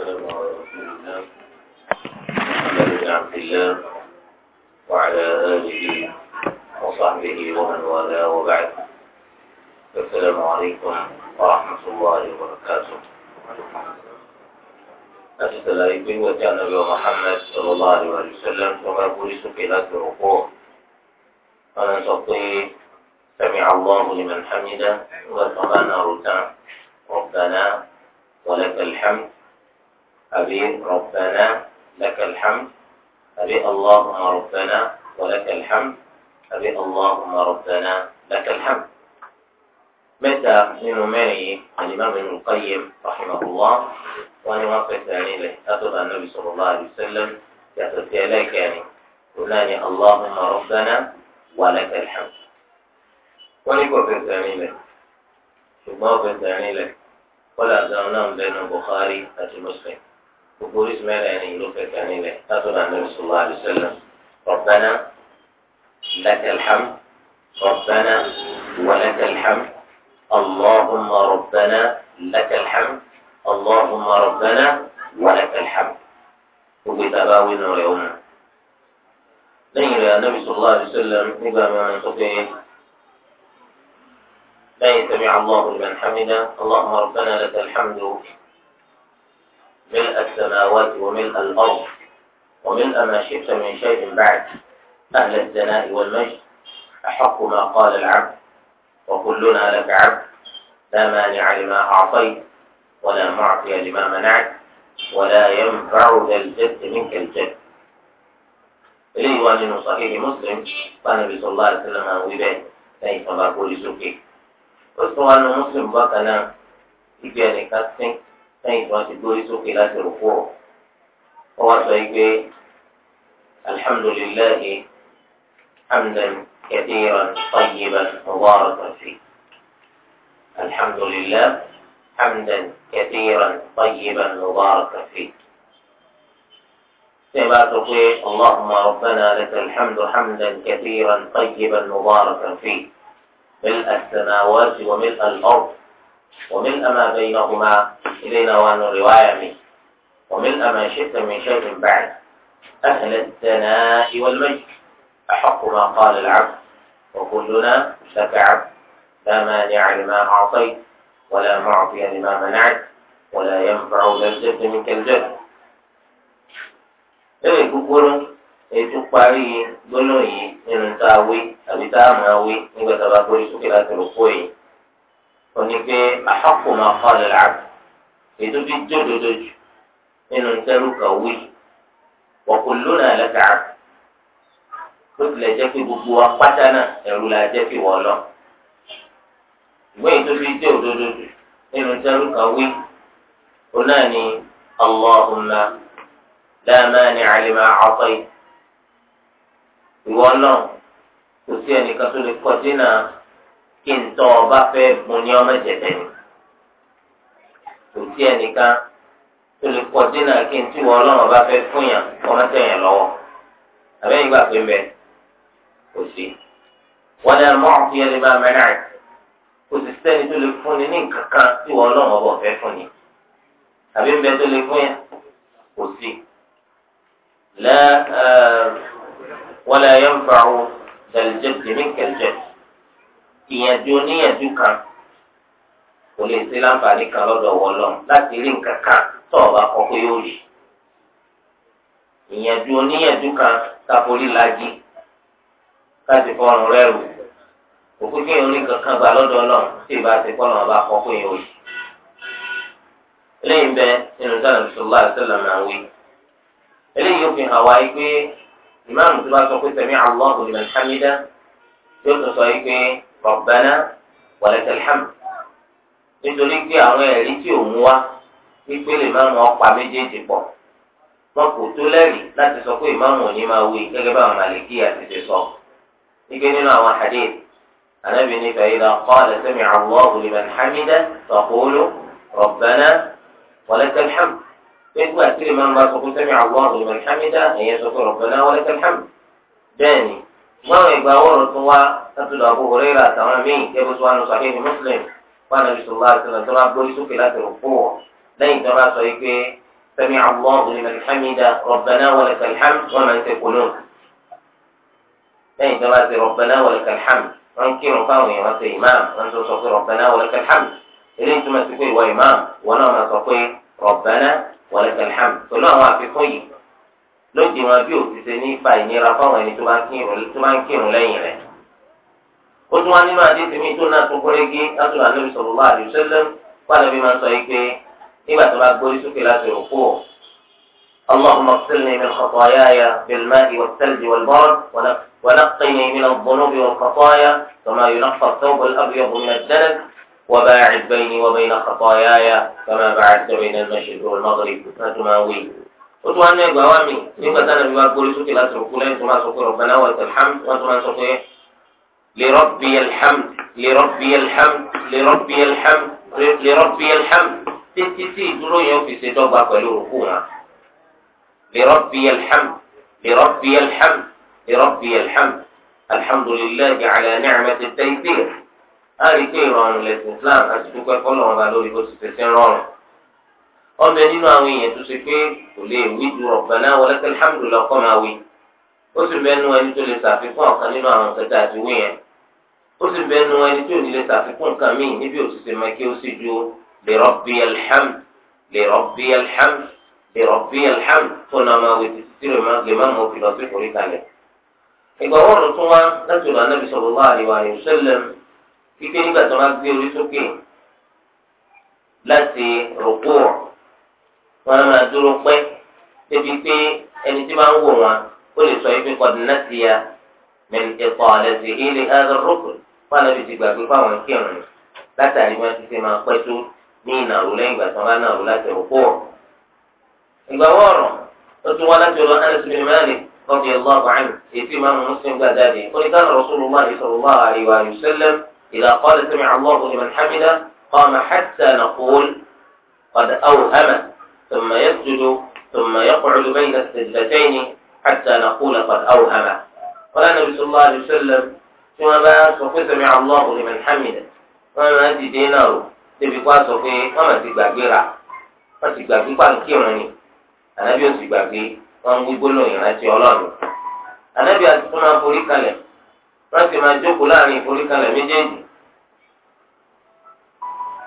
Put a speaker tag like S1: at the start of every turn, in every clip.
S1: والسلام على رسول الله محمد بن عبد الله وعلى آله وصحبه ومن والاه وبعد السلام عليكم ورحمة الله وبركاته Setelah itu محمد صلى الله عليه وسلم Wasallam Sama في ذات berukuk أنا sopri سمع الله لمن حمده وسمعنا ركع ربنا ولك الحمد أبي ربنا لك الحمد أبي اللهم ربنا ولك الحمد أبي اللهم ربنا لك الحمد متى من معي الإمام ابن القيم رحمه الله وأنا واقف ثاني يعني له أتبع النبي صلى الله عليه وسلم يأتي إليك يعني قلاني اللهم ربنا ولك الحمد وأنا واقف ثاني يعني له شو واقف ثاني يعني له ولا زمنام بين البخاري المسلم bu polis meleğini yürürken ile tadına Nebi صلى الله عليه وسلم ربنا لك الحمد ربنا ولك الحمد اللهم ربنا لك الحمد اللهم ربنا ولك الحمد وبتباوين اليوم نيجي يا نبي صلى الله عليه وسلم إذا ما نسقي لا يتبع الله لمن حمده اللهم ربنا لك الحمد ملء السماوات وملء الأرض وملء ما شئت من شيء بعد أهل الثناء والمجد أحق ما قال العبد وكلنا لك عبد لا مانع لما أعطيت ولا معطي لما منعت ولا ينفع ذا الجد منك الجد eléyìí wà صحيح مسلم قال النبي صلى الله عليه وسلم bẹ́ẹ̀ lẹ́yìn كيف ما gbórí sókè ó sọ wà nínú muslim bákan lẹ́yìn tí wọ́n ti gbórí sókè láti rúkú ọ̀ wọ́n wá sọ pé alhamdulillahi hamdan kathiran tayyiban mubarakan fi alhamdulillahi hamdan kathiran tayyiban mubarakan fi. كما تقول اللهم ربنا لك الحمد حمدا كثيرا طيبا مباركا فيه ملء السماوات وملء الأرض ومن أما بينهما إلينا وأن الرواية منه ومن أما شئت من شيء بعد أهل الثناء والمجد أحق ما قال العبد وكلنا لك عبد لا مانع لما أعطيت ولا معطي لما منعت ولا ينفع منك الجد منك الجد إذا kúkúrú إذا parí gbólóyìn nínú tá a wí àbí tá a máa wí nígbà tá a bá gbórí sókè láti rò kó yìí. òní pé àfọkù máa kọ́ lè rà ètò bí jódodo jù nínú tẹ́rù kan wí ọ̀kùn lónà lẹ́ka tó tilẹ̀ jẹ́ pé gbogbo wa pátá náà ẹ̀rù la jẹ́ pé wọ́n lọ. ìwé ètò bí jẹ́ òdodo jù nínú tẹ́rù kan wí ọ̀nà ni allahumma la mani'a lima a'tayt ìwọ náà kò sí ẹnìkan tó lè kọ́ dínà kí n tọ́ ọba fẹ́ gun ní ọmọ ìjẹ̀dẹ̀ ni kò sí ẹnìkan tó lè kọ́ dínà kí n tí wọ́n ọlọ́run ọba fẹ́ fún yàn ọmọ tẹ̀yàn lọ́wọ́ àbẹ́yìn gbà pé mbẹ́ kò sí wọn ni àmọ́ ọ̀hún yẹn lè máa mẹ́rin àìsí kò sì sẹ́ni tó lè fún ni ní nǹkan kan tí wọ́n ọlọ́run ọba ọ̀fẹ́ fún ni àbí mbẹ́ tó lè fún yàn kò sí lẹ́ wọ́n lè yẹn ń ìyànjú oníyànjú kan kò lè ṣe láǹfààní kan lọ́dọ̀ wọlọ́ láti rí nǹkan kan tó o bá kọ́ pé ó rí ìyànjú oníyànjú kan tàforí lajì láti fọrùn rẹ́rù òkú kí n rí nǹkan kan gbà lọ́dọ̀ náà tí ìbá ti kọ́ náà bá kọ́ pé ó rí eléyìí ń bẹ nínú sálẹ̀ bisalòlá àṣẹlẹ̀ máa ń wí eléyìí yóò fi hàn wáyé pé ìmáàmù tó bá sọ pé sami'a Allahu liman hamidah yóò tún sọ yìí pé. Rabbana walakal hamd nítorí pé àwọn ẹ̀rí tí òun wá wípé lè má wọn pa méjèèjì pọ̀ wọn kò tó lẹ́rìí láti sọ pé ìmáàmù òní máa wí gẹ́gẹ́ bá àwọn màlìkí àti ti sọ wípé nínú àwọn hadith ànábì ní fàyídà qala sami'a Allahu liman hamidah faqulu Rabbana walakal hamd gbẹ́gbẹ́ àti lè má wọn sọ pé sami'a Allahu liman hamidah ẹ̀yẹ sọ pé Rabbana walakal bẹ́ẹ̀ ni máwọn ìgbà wọ́rọ̀ tún wá látọ̀dọ̀ Abu Hurairah àtàwọn míì kẹ́bí tí wọ́n lọ sàkéyìn Muslim wọn àbí sọ̀rọ̀ láti sọ̀rọ̀ tó bá gbórí sókè láti rò fún wọn lẹ́yìn tó bá sọ yìí pé sami Allahu liman hamida rabbana wa lakal hamd wọn máa ń tẹ kóló lẹ́yìn tó bá sọ rabbana wa lakal hamd wọn ń kírun fáwọn èèyàn wọn sọ imam wọn sọ sọ pé rabbana wa lakal hamd eléyìí túmọ̀ sí pé ìwọ imam wọn náà lóde wọn bí òtún ṣe ní fa ìnira fáwọn ẹni tó bá ń kírun tó bá ń kírun lẹ́yìn rẹ̀. ó tún wá nínú àdé tèmi tó náà tó kórégé látọ̀dọ̀ ànábì sallallahu alaihi wasallam pàdé bí máa sọ yìí pé nígbà tó bá gbórí sókè láti òkú ọ̀. اللهم اغسلني من خطاياي بالماء والثلج والبرد ونقني من الذنوب والخطايا كما ينقى الثوب الابيض من الدنس وباعد بيني وبين خطاياي كما باعدت بين المشرق والمغرب فتماوي ó tún wá ní ẹgbàá wá mi nígbà táwọn ẹbí bá gbórí sókè láti rògbò lẹ́yìn tó máa sọ pé rabbana wa lakal hamd wọ́n tún máa sọ pé li rabbiyal hamd li rabbiyal hamd li rabbiyal hamd li rabbiyal hamd títí tí ìdúró yẹn ó fi ṣe dọ́gba pẹ̀lú rògbò wọn. li rabbiyal hamd li rabbiyal hamd li rabbiyal hamd alhamdulillahi ala ni'mati at-taysir. a rí pé ìrọ̀rùn lẹ́sìn islam àti dúpẹ́ fọlọ́run bá lórí bó ti fẹsẹ̀ rọrùn. ọbẹ̀ nínú àwọn èèyàn tó ṣe pé kò lè wí ju Rabbana walakal hamdu lọ́kọ́ máa wí ó sì bẹ́ẹ̀ nu ẹni tó lè ṣàfikún ọ̀kan nínú àwọn kẹta àti wí yẹn ó sì bẹ́ẹ̀ ẹni tó lè ṣàfikún nǹkan míì níbi òṣìṣẹ́ máa ó sì ju li rabbiyal hamd li rabbiyal hamd li rabbiyal hamd tó náà máa wí títí tí lè má mọ òfin lọ sí orí kalẹ̀. ìgbàwọ́ ọ̀rọ̀ tún wá láti ọ̀dọ̀ anábì sallallahu alaihi wasallam wọn máa dúró pẹ́ débi pé ẹni tí máa ń wò wọn ó lè ebi nàṣìyà mẹ́lìkẹ́kọ́ àlẹ́sì ilé ẹ̀rọ rúkùn wọn àlẹ́bí ti gbàgbé fáwọn kírun látàrí wọn ti ṣe máa pẹ́ tó ní ìnàró lẹ́yìn ìgbà tí wọn bá nàró láti òkú lati oko ìgbà wọ̀ọ̀rọ̀ wá tún wá láti ọ̀dọ̀ Anas bin Malik رضي الله عنه يتيم إمام مسلم بغدادي ولكان رسول الله صلى الله عليه وآله وسلم إذا قال سمع الله لمن حمده قام حتى نقول قد أوهم ثم يسجد ثم يقعد بين السجدتين حتى نقول قد أوهم قال النبي صلى الله عليه وسلم ثم ما سوف سمع الله لمن حمده وما تدينه tẹbi kó aṣọ pé wọn mà ti gbàgbé ra wọn ti gbàgbé pàǹkì ọ̀run ni ànábì ò ti gbàgbé wọn ń gbígbó lòyìn rántí ọlọ́run ànábì àti fún máa forí kalẹ̀ wọn sì máa jókòó láàrin ìforí kalẹ̀ méjèèjì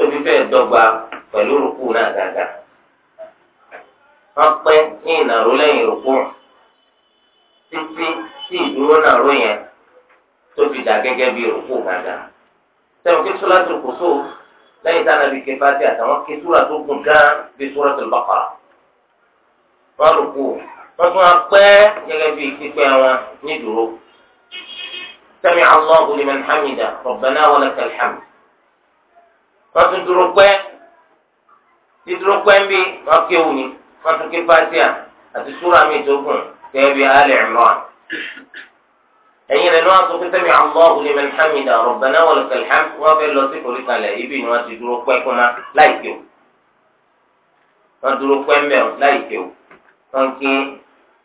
S1: tóbi fẹ́ẹ́ dọ́gba pẹ̀lú rúkú náà dáadáa wọ́n pẹ́ ní ìnàró lẹ́yìn rúkú títí tí ìdúró náà ró yẹn tó fi dà gẹ́gẹ́ bí rúkú dáadáa sẹ́wọ̀n kí sọ́lá tó kò sóò lẹ́yìn tí anabi ké fati àtàwọn ké súra tó gùn gán bí Suratul Baqara wọn rò kú wọn tún wá pẹ́ gẹ́gẹ́ bí pípẹ́ wọn ní dúró sami'a Allahu liman hamida rabbana wa lakal hamd wọ́n tún dúró pẹ́ dídúró pẹ́ ń bí wọ́n kéwù ni wọ́n tún ké fásíà àti súra mi tó gùn gẹ́gẹ́ bí alẹ́ ìmọ̀ràn. ẹ̀yin rẹ̀ ni wọ́n sọ pé sẹ́mi Allahu liman hamida rabbana wa wọ́n ibi ni wọ́n ti dúró pẹ́ láì wọ́n dúró pẹ́ ń bẹ̀ láì wọ́n ké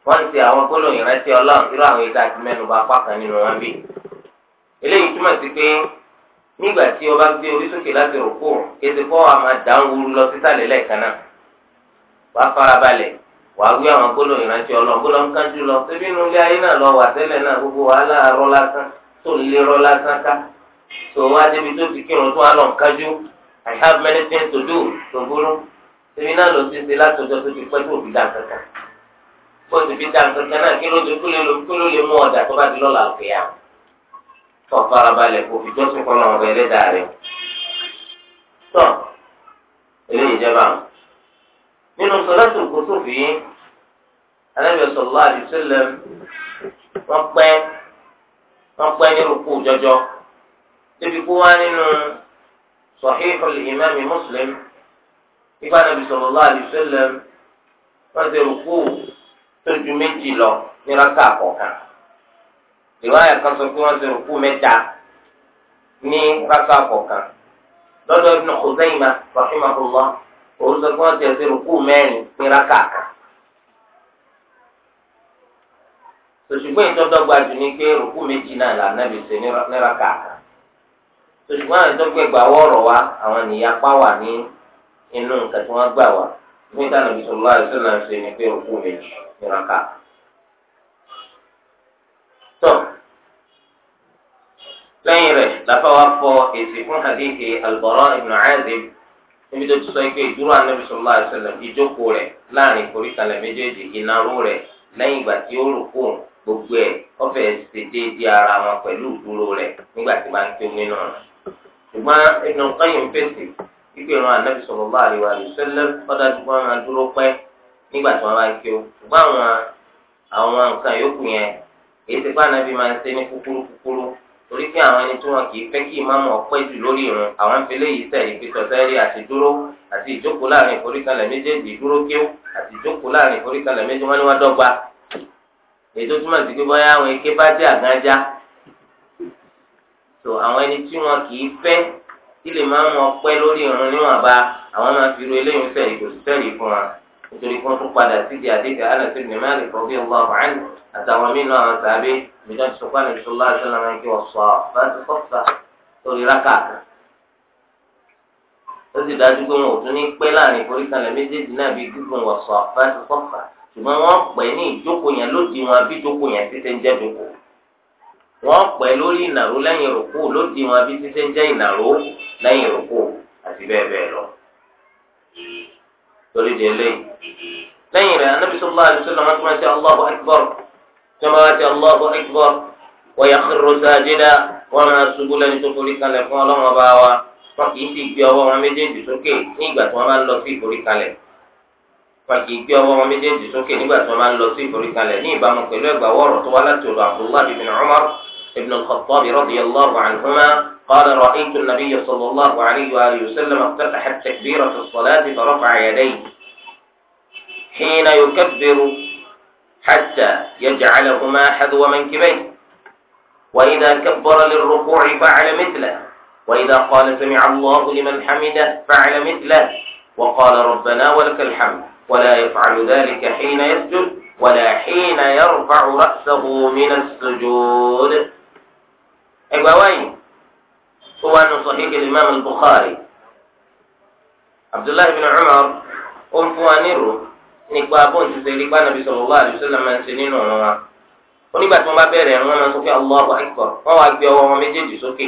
S1: wọ́n ti àwọn gbólóyìn ọlọ́run nígbà tí o gbé orí sókè láti rògbò kéde kó a máa dá wúru lọ sísàlẹ̀ náà wà á farabalẹ̀ wà á wí àwọn gbólóhùn ìrántí ọlọ́run gbólóhùn kánjú lọ síbí inú ilé ayé náà lọ wà tẹ́lẹ̀ náà gbogbo wàhálà rọ lásán tó ń lé lásán ká tó wá débi tó ti kírun tó wà lọ kánjú I have many things to do tó burú síbí náà ló ti ṣe látọjọ́ tó ti pẹ́ tó fi dá kankan bó ti fi dá kankan náà kí tó farabalẹ̀ kó fi jọ́sìn kọ́ lọ́wọ́ bẹ́ẹ̀ lẹ́dàá rẹ̀ tó eléyìí jẹ́ báwọn. nínú sọlẹ́tù kùsùfù yìí anábìyẹ sọlá àdìsílẹ̀ wọ́n pẹ́ wọ́n pẹ́ nínú kú jọjọ débi kú wá nínú sọ̀híhùl ìmáàmì mùsùlùm ìgbà nàbì sọlá àdìsílẹ̀ wọ́n ti rùkú tó ju méjì lọ ní rákà kọ̀ọ̀kan ìwáyà kan sọ pé wọ́n ti rùkú mẹ́ta ní rákà kọ̀ọ̀kan lọ́dọ̀ Ibn Khuzaymah rahimahullah òun sọ pé wọ́n ti ẹ̀sìn rùkú mẹ́rin ní rákà kan. sòṣùgbọ́n ìtọ́dọ́gba jù ní pé rùkú méjì náà là nábì ṣe ní rákà kan. sòṣùgbọ́n àwọn ìtọ́gbẹ̀gbà wọ̀rọ̀ wa àwọn nìyapa wà ní inú nǹkan tí wọ́n gbà wá nígbà náà Nabi sallallahu ṣe ní pé rùkú méjì ní rákà lẹ́yìn rẹ̀ làfàwà fọ èsì fún hadithi albọ̀rọ̀ ibn azib níbi tó ti sọ pé ìdúró anabi sọlá àṣẹlẹ ìjókòó rẹ̀ láàrin ìforíkalẹ̀ méjèèjì ìnáró rẹ̀ lẹ́yìn ìgbà tí ó rò kó gbogbo ẹ̀ ọ̀fẹ́ ṣe déédéé ara wọn pẹ̀lú ìdúró rẹ̀ nígbà tí bá ń tó nínú rẹ̀ ṣùgbọ́n Ibn Qayyim fèsì wípé ìran anabi sọlá àríwá àṣẹlẹ kọ́dà tí wọ́n máa dúró pẹ́ nígbà tí wọ́n bá ń kí o ṣùgbọ́n àwọn nǹkan yòókù yẹn èyí ti pa anabi máa torí pé àwọn ẹni tí wọn kì í fẹ́ kí ìmáàmù ọpẹ́ jù lórí irun àwọn ìfẹ́lẹ́ yìí tẹ̀ ìpèsè ọ̀sẹ́rì àti dúró àti ìjókòó láàrin ìforíkalẹ̀ méjèèjì dúró kéwù àti ìjókòó láàrin ìforíkalẹ̀ méjèèjì wọn ni wọn dọ́gba ètò túmọ̀ sí pé bóyá àwọn ike bá jẹ́ àgánjá tó àwọn ẹni tí wọn kì í fẹ́ kí lè máàmù ọpẹ́ lórí irun níwọ̀nba àwọn máa fi ru eléyìí tẹ̀ ìpèsè nítorí kí wọ́n tún padà síbi àdéhùn Anas ibn Malik radiyallahu anhu àtàwọn mìíràn àwọn tàbí mìíràn tó sọpá nàbí sọlá àṣọlá máa ń kí wọ́n sọ bá ti kọ́sà lórí rákà kan. ó sì dájú pé wọn ò tún ní pẹ́ láàrin ìforíkalẹ̀ méjèèjì náà bí gígùn wọ̀ sọ bá ti kọ́sà ṣùgbọ́n wọ́n pẹ́ ní ìjókòó yẹn lódì wọn àbí ìjókòó yẹn ti ṣe ń jẹ́ dòkó. wọ́n pẹ́ lórí ìnàró lẹ́yìn rògbò lódì wọn àbí ti ṣe ń jẹ́ ìnàró lẹ́yìn rògbò àti bẹ́ẹ̀ bẹ́ẹ̀ lọ torí di eléyìí lẹ́yìn rẹ̀ anabi sallallahu alaihi wasallam tó máa ti allahu akbar tó máa ti allahu akbar wa yakhirru sajida wọn máa ṣubú lẹ́ni tó forí kalẹ̀ fún ọlọ́wọ́n bá wa wọn kì í sì gbé ọwọ́ wọn méjèèjì sókè ní tí wọ́n máa ń lọ sí ìforí kalẹ̀ wọn kì í gbé ọwọ́ wọn méjèèjì sókè nígbà tí wọ́n máa ń lọ sí ìforí kalẹ̀ ní ìbámu pẹ̀lú ẹgbàá wọ̀rọ̀ tó wá láti ọ̀dọ̀ abdullahi ibn umar ibn khattab radiyallahu anhuma قال رأيت النبي صلى الله عليه وآله وسلم افتتح التكبير في الصلاة فرفع يديه حين يكبر حتى يجعلهما حذو منكبيه وإذا كبر للركوع فعل مثله وإذا قال سمع الله لمن حمده فعل مثله وقال ربنا ولك الحمد ولا يفعل ذلك حين يسجد ولا حين يرفع رأسه من السجود أيوة tó wà nù sahih al-imam al-bukhari abdullahi bin umar ó ń fún wa nírò nípa bóńtù sẹ́rí bá nàbí sallallahu alaihi wasallam máa ń ṣe nínú ọ̀rọ̀ wa onígbà tí wọ́n bá bẹ̀rẹ̀ ẹ̀rọ wọn máa ń sọ pé allahu akbar wọ́n wá gbé ọwọ́ wọn méjèèjì sókè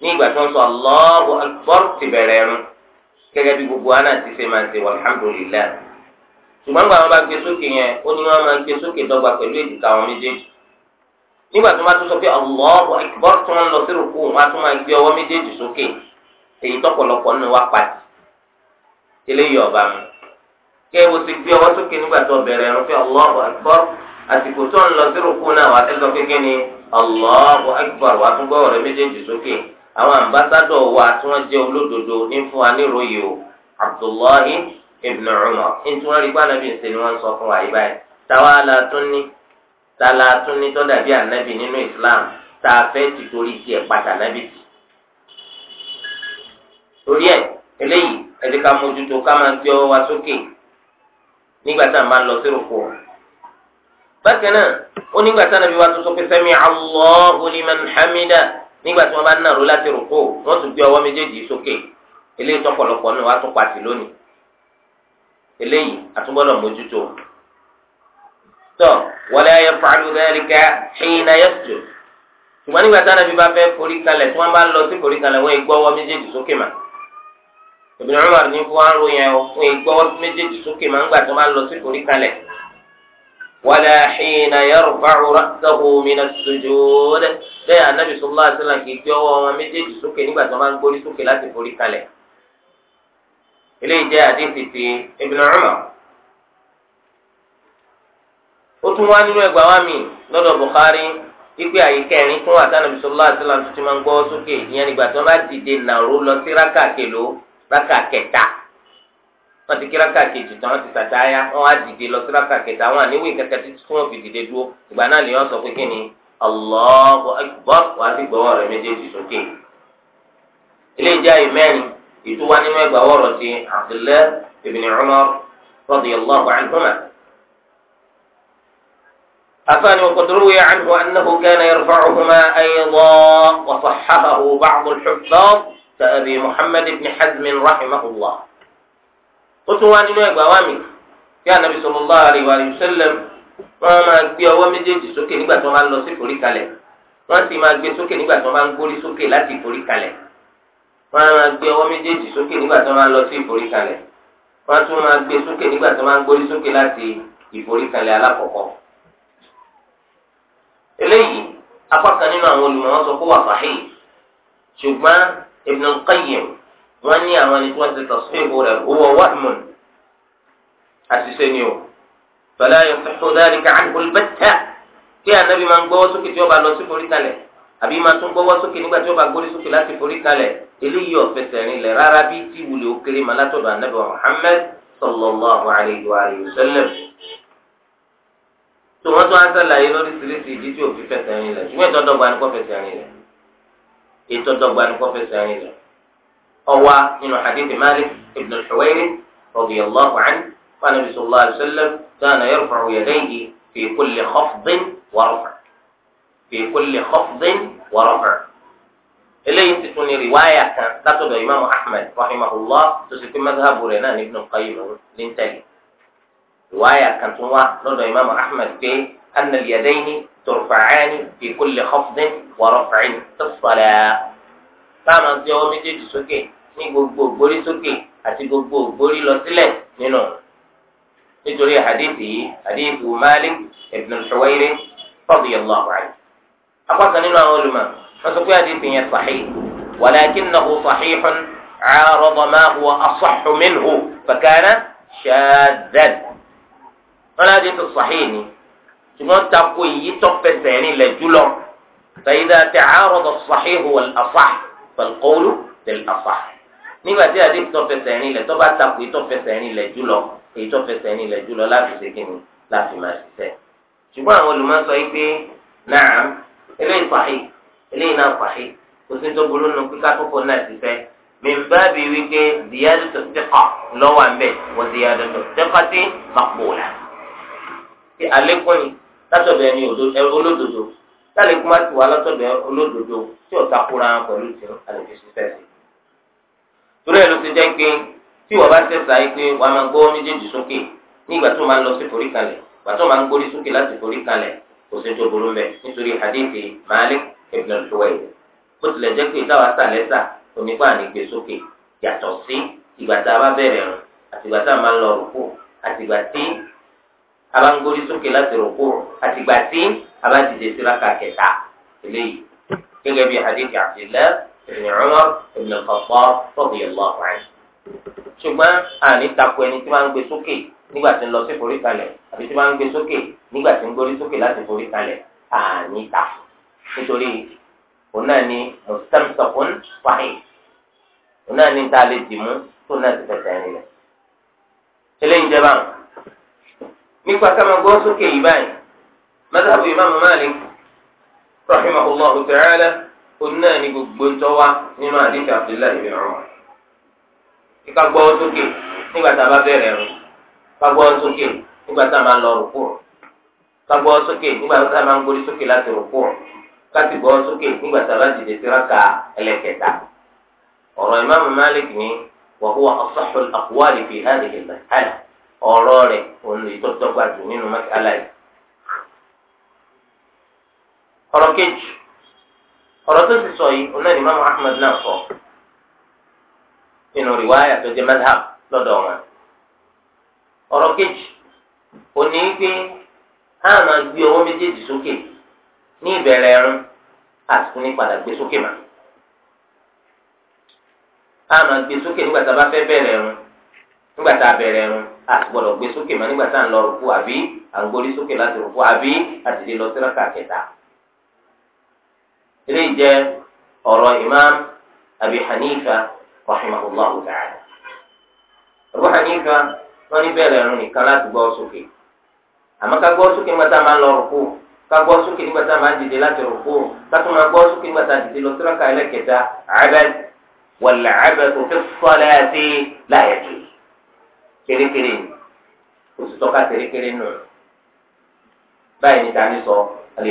S1: ní ìgbà tí wọ́n sọ allahu akbar ti bẹ̀rẹ̀ ẹ̀rọ gẹ́gẹ́ bí gbogbo wa náà ti ṣe máa ń ṣe alhamdulillah ṣùgbọ́n gbà wọn bá gbé sókè yẹn ó ní wọn máa ń gbé sókè dọ́gba pẹ̀lú èjìká wọn méjèèjì nígbà tó máa tún sọ pé Allahu Akbar tó máa lọ sí rúkú wọn á tún máa gbé ọwọ́ méjèèjì sókè èyí tọ́pọ̀lọpọ̀ wa pàtì eléyìí ọba mi kí ẹ wo ti gbé ọwọ́ sókè nígbà tó bẹ̀rẹ̀ ẹ̀rọ pé Allahu Akbar àsìkò tó ń lọ sí rúkú náà wà á sọ pé kí ni Allahu Akbar wà á tún méjèèjì sókè àwọn àmbásádọ̀ wa tí wọ́n ibn tala tún ní tọ́jà bí ànábì nínú islam tá a fẹ́ ti torí tiẹ̀ pàtà nábì tì. torí ẹ eléyìí ẹ̀dí ká mójútó ká máa gbé ọwọ́ wa sókè nígbà tá a máa lọ sí rògbò. bákan náà ó nígbà tá a nàbí wa tó sọ pé sami Allahu liman hamida nígbà tí wọ́n bá nàró láti rògbò wọ́n tún gbé ọwọ́ méjèèjì sókè eléyìí tọ́pọ̀lọpọ̀ náà wàá tún pàtì lónìí eléyìí àtúbọ̀lọ̀ mójútó tọ wọlé ayé fàlù dhalika hina yasjud ṣùgbọ́n nígbà tí anabi bá fẹ́ forí kalẹ̀ tí wọ́n bá lọ sí forí kalẹ̀ wọ́n gbọ́wọ́ méjèèjì sókè mà Ibn Umar ní fún aró yẹn wọ́n gbọ́wọ́ méjèèjì sókè mà ńgbà tí wọ́n bá lọ sí forí kalẹ̀ wọlé hina yarfa'u ra'sahu minas sujud bẹ́ẹ̀ anabi sallallahu alaihi wasallam kì í gbọ́wọ́ wọn méjèèjì sókè nígbà tí wọ́n bá ń gbórí sókè láti forí kalẹ̀ eléyìí tún wá nínú ẹgbàá wa mi lọ́dọ̀ Bukhari ipe àyè kẹrin fún àtànàbí sọlá àtàlà tuntun máa ń gbọ́ sókè ìyẹn nígbà tí wọ́n bá dìde nàró lọ sí rákà kèló rákà kẹta wọ́n ti kí rákà kejì tán wọ́n ti tàtáyà wọ́n á dìde lọ sí rákà kẹta wọ́n àníwì kẹkẹ títí tí wọ́n dìde dúró ìgbà náà lèyàn sọ pé kí ni Allahu akbar wàá sì gbọ́wọ́ rẹ̀ méjèèjì sókè. ilé ìjà ìmẹ́rin ìtúwa nínú ẹgbàá wọ̀rọ̀ ti Abdullah ibn Umar radiyallahu أفان وقد روي عنه أنه كان يرفعهما أيضا وصححه بعض الحفاظ كأبي محمد بن حزم رحمه الله وسوان إنه يقوامي يا نبي صلى الله عليه وآله وسلم wọ́n máa gbé ọwọ́ méjèèjì sókè nígbà tó máa ń lọ sí ìforíkalẹ̀ wọ́n sì máa gbé sókè nígbà tó máa ń gbórí sókè láti ìforíkalẹ̀ wọ́n máa gbé ọwọ́ méjèèjì sókè nígbà tó máa ń lọ sí ìforíkalẹ̀ wọ́n tún máa gbé sókè nígbà tó máa ń gbórí sókè láti ìforíkalẹ̀ alákọ̀ọ́kọ́ eléyìí apá kan nínú àwọn olùmọ̀ọ́ sọ pé wà fàáhì ṣùgbọ́n Ibn al-Qayyim wọ́n ní àwọn ẹni tí wọ́n ti tọ̀síwò rẹ̀ owó wàhùn àṣìṣe ni o bala yasihu dhalika anhu al-batta kí ànábì máa ń gbọ́wọ́ sókè tí ó bá lọ sí forí kalẹ̀ àbí máa tún gbọ́wọ́ sókè nígbà tí ó bá gbórí sókè láti forí kalẹ̀ eléyìí ọ̀fẹsẹ̀ rìn lẹ̀ rárá bí tí wùlé ó kéré ma látọ̀dọ̀ ànábì Muhammad sallallahu alayhi wa sallam. tó wọn tún á sàlàyé lóríṣiríṣi ìdí tí òfin fẹsẹ̀ rìn lẹ̀ ṣùgbọ́n ìtọ́dọ̀gba ni kò fẹsẹ̀ rìn lẹ̀ ìtọ́dọ̀gba ni kò fẹsẹ̀ ẹ̀yìn lẹ̀ ọwa nínú hadithi Malik ibn al-Huwayrith radiyallahu anhu wa nabi sallallahu alayhi wa sallam kana yarfa'u yadayhi fi kulli khafdin wa raf' fi kulli khafdin wa raf' eléyìí ti tún ní riwaayà kan látọ̀dọ̀ imaamu Ahmad rahimahullah tó sì fi madhabu rẹ̀ náà ní ibn Qayyim ní رواية كانت لدى الإمام أحمد في أن اليدين ترفعان في كل خفض ورفع في الصلاة فما زيو ميجي سوكي ني غوغو غوري سوكي أتي غوغو غوري لسلم نينو نتولي حديثي حديث مالك بن الحويري رضي الله عنه أقول نينو أقول ما فسوكي حديثي صحيح ولكنه صحيح عارض ما هو أصح منه فكان شاذا wọn láti tó sàhíì ni ṣùgbọ́n tako èyí tó fẹsẹ̀ rìn lẹ̀ jùlọ ṣàyídà tẹ àárọ̀ tó sàhíì hù àfà pẹ̀lúkọ́wọ́lù tẹ̀lé àfà nígbà tí àdéhùn tó fẹsẹ̀ rìn lẹ̀ tó bá tako èyí tó fẹsẹ̀ rìn lẹ̀ jùlọ èyí tó fẹsẹ̀ rìn lẹ̀ jùlọ láti ṣe kíni láti máa ṣiṣẹ́ ṣùgbọ́n àwọn olùmọ̀sọ yìí pé náà eléyìí sàhíì eléyìí náà sàhíì kò sí pé àlékún ni látọ̀dọ̀ ẹni olódodo lálékún má ti wá látọ̀dọ̀ olódodo tí ọ̀tá kóra wọn pẹ̀lú ti àlejò ṣiṣẹ́ sí. torí ẹ̀ ló ti jẹ́ pé tí wọ́n bá tẹ̀sà yìí pé wàá máa gbọ́ méjèèjì sókè ní ìgbà tó máa lọ sí forí kalẹ̀ ìgbà tó máa ń gbórí sókè láti forí kalẹ̀ kò sí tó burú mẹ́ nítorí hadithi Malik ibn al-Huwayd bó tilẹ̀ jẹ́ pé táwa sà lẹ́sà onípa ànígbé sókè yàtọ̀ sí ìgbà tá a bá bẹ̀rẹ̀ rùn àtìgbà tá a máa lọ rùkú àtìgbà tí abangori sókè láti rògbò àtìgbà tí abájídé síraka kẹta eléyìí gẹ́gẹ́ bí hadithi abdillah ibn umar ibn al-khattab radiyallahu anhu. ṣùgbọ́n àní takò ẹni tí wọ́n ń gbé sókè nígbà tí ń lọ sí forí kalẹ̀ àbí tí wọ́n ń gbé sókè nígbà tí ń gbórí sókè láti forí kalẹ̀ àní ta nítorí òun náà ni mustamsakun sahih òun náà ni tá lè dì tó náà ti fẹsẹ̀ rìn lẹ̀. eléyìí jẹ́ báwọn. nípa káma gbọ́ sókè yìí báyìí madhabu imaamu Malik rahimahullahu ta'ala òun náà ní gbogbo ń tọ́wá nínú àdìsí Abdullahi ibn Umar kíka gbọ́ sókè nígbà tá a bá bẹ̀rẹ̀ ká gbọ́ sókè nígbà tá a máa lọ rùkú ká gbọ́ sókè nígbà tá a máa ń gbórí sókè láti rùkú ká gbọ́ a bá dìde sí ẹlẹ́kẹta ọ̀rọ̀ ọ̀rọ̀ rẹ̀ òun lè tó dọ́gba jù nínú mọ́kàlá yìí. ọ̀rọ̀ kejì ọ̀rọ̀ tó ti sọ yìí Ahmad náà tó jẹ́ madhab lọ́dọ̀ wọn. ọ̀rọ̀ kejì òní pé a máa gbé ọwọ́ méjèèjì sókè ní ìbẹ̀rẹ̀ ọrụ àti ní padà gbé sókè mà. a máa gbé sókè nígbà tá àgbọ̀dọ̀ gbé sókè mọ́ nígbà tá à ń lọ rùkú àbí à ń gbórí sókè láti rùkú àbí àti lè lọ síraka kẹta. ilé jẹ ọ̀rọ̀ imam abi hanifa rahimahullahu ta'ala. abu hanifa wọn ní bẹ́ẹ̀ lẹ́nu nìkan láti gbọ́ sókè àmọ́ ká gbọ́ sókè nígbà tá a máa ń lọ rùkú ká gbọ́ sókè nígbà tá a máa ń dìde láti rùkú ká tún máa gbọ́ sókè nígbà tá a dìde lọ síraka ẹlẹ́kẹta abad wal abad fi salati kérékéré oṣù tọ́ka kérékéré nù. báyìí ní tani sɔ al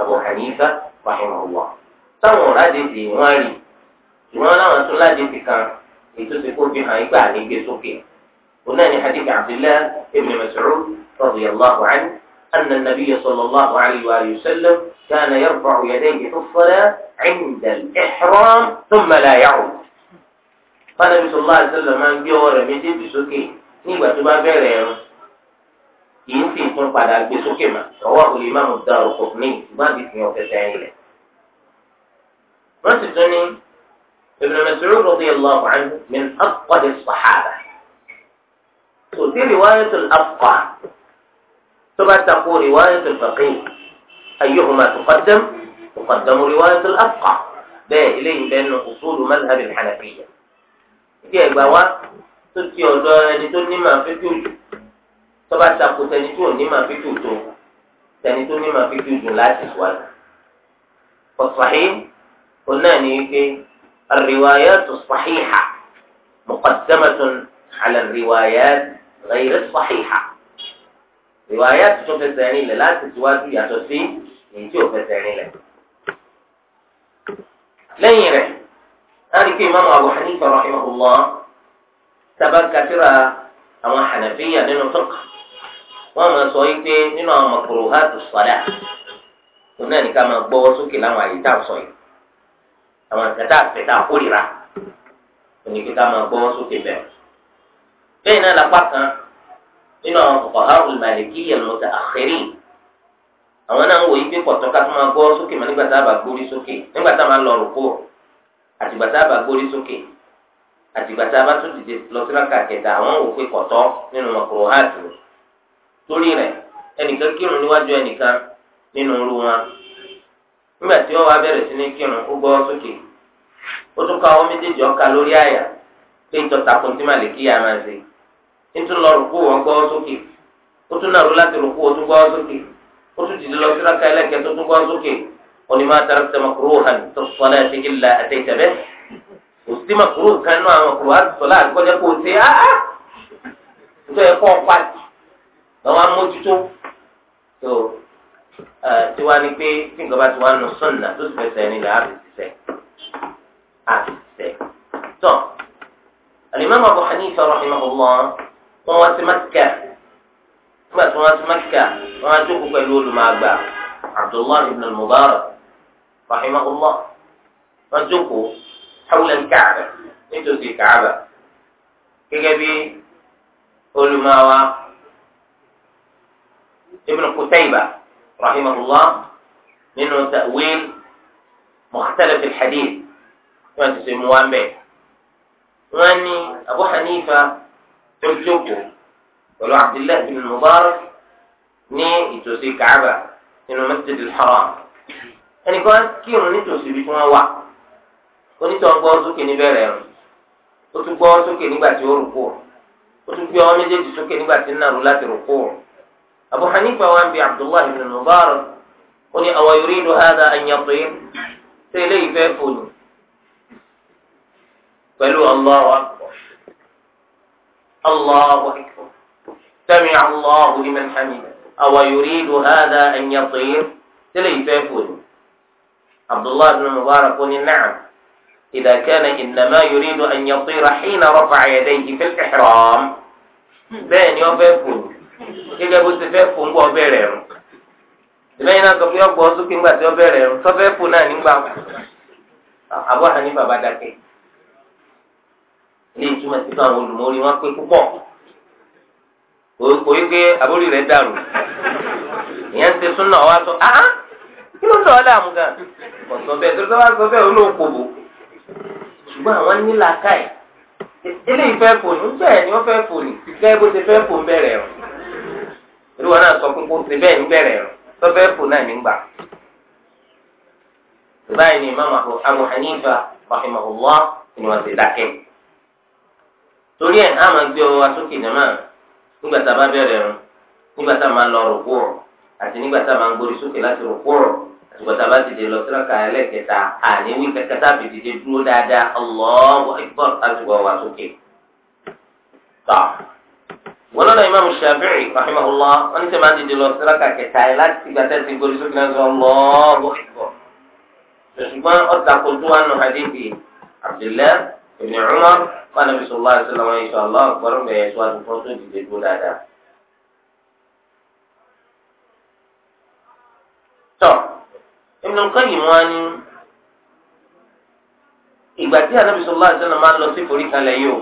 S1: Abu Hanifa rahimahullah táwọn ọ̀làdìsì wọn rí ṣùgbọ́n láwọn tún ládìsì kan ètò ti kó fi hàn ìgbà nígbè sókè. wọn هنا حديث عبد الله بن مسعود رضي الله ali أن النبي صلى الله عليه وآله وسلم كان يرفع يديه في الصلاة عند الإحرام ثم لا يعود fanabi sọlá àtẹlẹ máa ń gbé ọwọ́ rẹ̀ méjèèjì sókè nígbà tó bá bẹ̀rẹ̀ ẹrù kì í fi tún padà gbé sókè mà ọwọ́ àkùlé má mo da òkò ní ìgbàdí fi hàn fẹsẹ̀ ẹ̀yìn rẹ̀. wọ́n sì tún ní Ibn Mas'ud radiyallahu anhu min aqwad as-sahaba. kò sí riwayatul aqwa tó bá takò riwayatul faqih ayyuhuma tuqaddam tuqaddamu riwayatul aqwa bẹ́ẹ̀ ilé ìbẹ́nu usulu madhhabil hanafiyya. kí ẹgbà wá tó ti ọ̀dọ̀ ẹni tó ní màá fífi òjò tọ́ba tako tẹni tó ní màá fífi òjò tẹni tó ní màá fífi òjò láti wájú. ọ̀sàhí òun náà ní pé الروايات الصحيحة مقدمة على الروايات غير الصحيحة روايات tó fẹsẹ̀ rìn lẹ̀ láti síwájú yàtọ̀ sí èyí tí ò fẹsẹ̀ rìn lẹ̀ lẹ́yìn rẹ̀ láti pé imáàmù Abu Hanifa rahimahullah sábà kàtírà àwọn hànàfíyà nínú fúnkà wọn máa sọ yìí pé nínú àwọn makruhatu sọdá tó náà nìkan máa gbọ́wọ́ sókè láwọn àyè tá a sọ yìí àwọn àgbàtà àfẹ́tà kórìíra oníkíkà máa gbọ́wọ́ sókè bẹ́ẹ̀. bẹ́ẹ̀ náà lápá kan nínú àwọn fuqaha al-malikiyya al-muta'akhirin àwọn náà ń wòye pé kọ̀tọ́ ká tó máa gbọ́wọ́ sókè mọ́ nígbà tá a bá gbórí sókè nígbà tá a máa lọ rùkú àtìgbà tá a bá gbórí sókè àtìgbà tá a bá tún dìde lọ sí rákà kẹta àwọn ò pé kọ̀tọ́ nínú ọkùnrin hàtì torí rẹ̀ ẹnìkan kírun níwájú ẹnìkan nínú irú wọn nígbà tí wọn wá bẹ̀rẹ̀ sí ní kírun ó gbọ́ sókè ó tún ká ọwọ́ méjèèjì ọ̀ka lórí àyà pé ìtọ́ takuntí má lè kí máa ṣe nítorí lọ rùkú wọn gbọ́ sókè ó tún nàró láti rùkú ó tún gbọ́ sókè ó tún dìde lọ sí rákà ẹlẹ́kẹ̀ẹ́ tó tún gbọ́ sókè ولما تركت مكروها في الصلاة إلا أتيت به وستي مكروه كانوا مكروهات الصلاة كل يقول سيئة أنت يقول فات لو أن موجتو تو تواني بي في قبات وانو سنة تسبب سيني لعب السيء عب السيء تو الإمام أبو حنيفة رحمه الله قوات مكة قوات مكة وانتوكو كلول مع عبد الله بن المبارك رحمه الله رجوكم حول الكعبة انتو في الكعبة كجبي علماوة ابن قتيبة رحمه الله منه تأويل مختلف الحديث وانت سيموان به واني ابو حنيفة تلجوكو ولو عبد الله بن المبارك ني في الكعبة انه مسجد الحرام ẹnìkan kírun nítòsí ibi tí wọ́n wà onítọ̀ ń gbọ́ sókè níbẹ̀rẹ̀ rẹ̀ ó tún gbọ́ sókè nígbà tí ó rùkú ó tún gbé ọmọ méjèèjì sókè nígbà tí ń nàró láti rùkú Abu Hanifa wa ń bi Abdullahi ibn Mubarak ó ní àwọn yorì ló hádà ẹ̀yàpẹ́ ṣé eléyìí fẹ́ fòlù pẹ̀lú Allahu akbar Allahu akbar sami'a àwọn yorì ló hádà ẹ̀yàpẹ́ ṣé eléyìí fẹ́ fòlù abdullahi bin mubarak ó ní na'am idha kana innama yuridu an yatira hina rafa'a yadayhi fil ihram bẹ́ẹ̀ ni wọ́n fẹ́ fò gẹ́gẹ́ bó ti fẹ́ fò ń gbọ́ bẹ̀rẹ̀ rùn ìbẹ́yìn náà sọ pé ọgbọ́ sókè ńgbà tí wọ́n bẹ̀rẹ̀ rùn sọ́fẹ́ fò náà nígbà àbọ̀ hàn ní bàbá dákẹ́ ilé ìtumọ̀ sí fún àwọn olùmọ̀ọ́rí wọn pé púpọ̀ kò yí pé àbórí rẹ̀ dàrú ìyẹn ti súnà wá sọ áá. kí ló ń dọ̀ ọ́ dààmú gan kò bẹ́ẹ̀ tó sọ bẹ́ẹ̀ bò ṣùgbọ́n àwọn nílà káì eléyìí fẹ́ fò ní bẹ́ẹ̀ ni wọ́n fẹ́ fò ní fẹ́ fò ń bẹ̀rẹ̀ wọn náà sọ pé kó bẹ́ẹ̀ ń bẹ̀rẹ̀ fẹ́ fò náà báyìí ni hanifa rahimahullah ni ti dákẹ́ torí ẹ̀ á máa gbé àtùgbọ̀tà bá ti dè lọ sílẹ̀kà ẹlẹ́kẹta àníwí kẹkẹta fi dìde dúró dáadáa Allahu Akbar àtùgbọ̀ wà sókè. tọ́ wọn lọ́dọ̀ Imam Shafi'i rahimahullah wọn ní sẹ́ máa dìde lọ sílẹ̀kà kẹta ẹ láti gbàtẹ́ ti gbórí sókè náà sọ Allahu Akbar. ṣùgbọ́n ọ̀tà kò tó wà nù hadithi Abdullah ibn Umar wọn nàbí sọlá ṣẹlẹ̀ wọn insha Allah gbọ́dọ̀ bẹ̀rẹ̀ sọ́wọ́n tó tó dìde dúró dáadáa. tọ́ Ibn Qayyim wá ní ìgbà tí Ànábì sallallahu alaihi wasallam máa ń lọ sí forí kalẹ̀ yìí o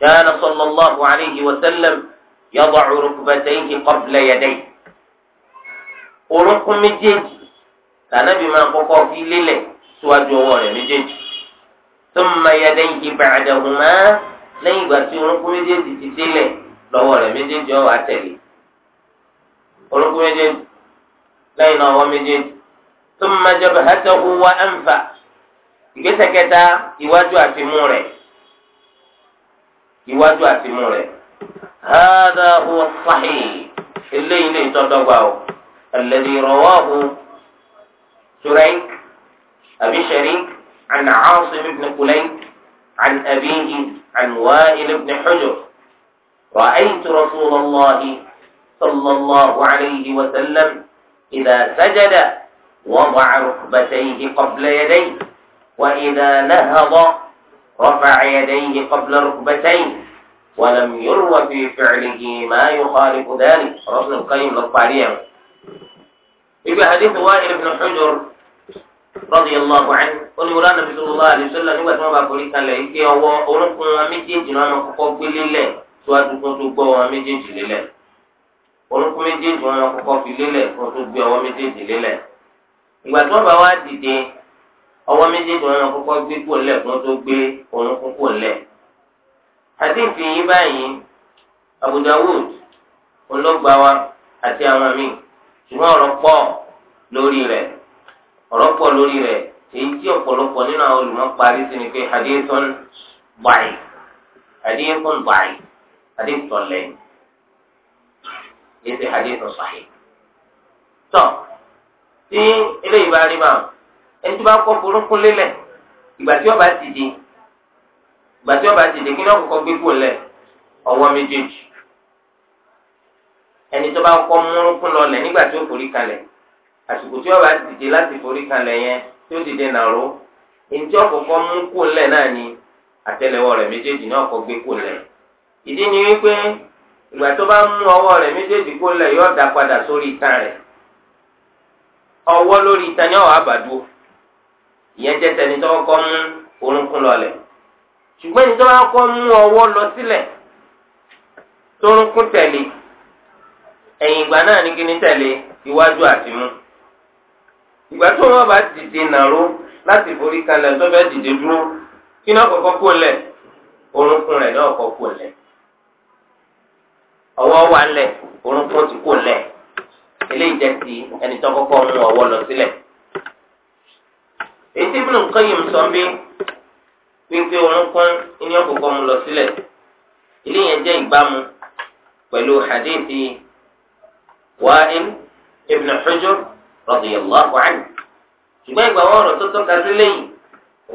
S1: kana sallallahu alaihi wasallam yada'u rukbatayhi qabla yadayhi orúnkún méjèèjì lànàbí máa kọ́kọ́ fi lélẹ̀ síwájú ọwọ́ rẹ̀ méjèèjì thumma yadayhi ba'dahuma lẹ́yìn ìgbà tí orúnkún méjèèjì ti délẹ̀ lọ́wọ́ rẹ̀ méjèèjì ó wá tẹ̀lé méjèèjì lẹ́yìn náà wọ́n méjèèjì thumma jabhatahu wa anfa ìgbésẹ̀ kẹta ìwájú àfimú rẹ̀ ìwájú àfimú rẹ̀ hadha huwa sahih eléyìí lè tọ́ dọ́gba o alladhi rawahu suraik abi sharik an aasim ibn kulayk an abihi an wa'il ibn hujr ra'aytu rasulallah sallallahu alayhi wa sallam. إذا سجد وضع ركبتيه قبل يديه وإذا نهض رفع يديه قبل ركبتيه ولم يروى في فعله ما يخالف ذلك رسل القيم للطعليا إذا حديث وائل بن حجر رضي الله عنه قل يرانا صلى الله عليه وسلم نبا سمع بقوليسا لئي كي هو أولوكم ومجين جنوانا قوكو كل الليل سواء تكون تبقى ومجين جنوانا orúnkún méjèèjì wọn kọ́kọ́ fi lélẹ̀ wọn tó gbé ọwọ méjèèjì lélẹ̀ ìgbà tí wọn bá wá dìde ọwọ́ méjèèjì wọn kọ́kọ́ gbé kó lẹ̀ wọn tó gbé orúnkún kó lẹ̀ àdéhùn yìí báyìí Abu Dawud ọlọgbà àti àwọn míì ṣùgbọ́n ọ̀rọ̀ pọ̀ lórí rẹ̀ ọ̀rọ̀ pọ̀ lórí rẹ̀ èyí tí ọ̀pọ̀lọpọ̀ nínú àwọn olùmọ̀ parí sí ni pé báyìí báyìí kì í ṣe hadithun sahih. tọ́ tí eléyìí bá rí bá ẹni tó bá kọ burúkún lélẹ̀ ìgbà tí ọba ti di ìgbà tí ọba ti di kí ni gbé kú ọwọ́ méjèèjì ẹni tó bá kọ́ múrúkún lọlẹ̀ nígbà tí ó forí kalẹ̀ àsìkò tí ọba ti di láti forí kalẹ̀ yẹn tí ó dìde nàró ìgbà tó bá mú ọwọ́ rẹ̀ méjèèjì kó lẹ̀ yóò dá padà sórí itan rẹ̀ ọwọ́ lórí itan yóò wá bàdúrò ìyẹn jẹ́ tẹni tó kọ́ mú orúnkún lọlẹ̀ ṣùgbọ́n ẹni tó bá kọ́ mú ọwọ́ lọ sílẹ̀ tórúnkún tẹ̀lé ẹ̀yìn ìgbà náà ní kíní tẹ̀lé iwájú àti mú ìgbà tó wọn bá dìde nàró láti forí kanlẹ̀ tó fẹ́ dìde dúró kí náà kọ́kọ́ kó lẹ̀ orúnkún rẹ̀ náà kọ́kọ́ kó lẹ̀ ọwọ́ wà ńlẹ̀ orúnkún ti kò lẹ̀ eléyìí jẹ́ ti ẹni tó kọ́kọ́ mú ọwọ́ lọ sílẹ̀. èyí tí Ibn Qayyim sọ ń bí wípé orúnkún ní ọ̀kọ̀ọ̀kan mú lọ sílẹ̀ eléyìí jẹ́ ìbámu pẹ̀lú hadithi Wa'il ibn Hujr radiyallahu anhu ṣùgbọ́n ìgbàwọ́ ọ̀rọ̀ tó tọ́ka sí lẹ́yìn kò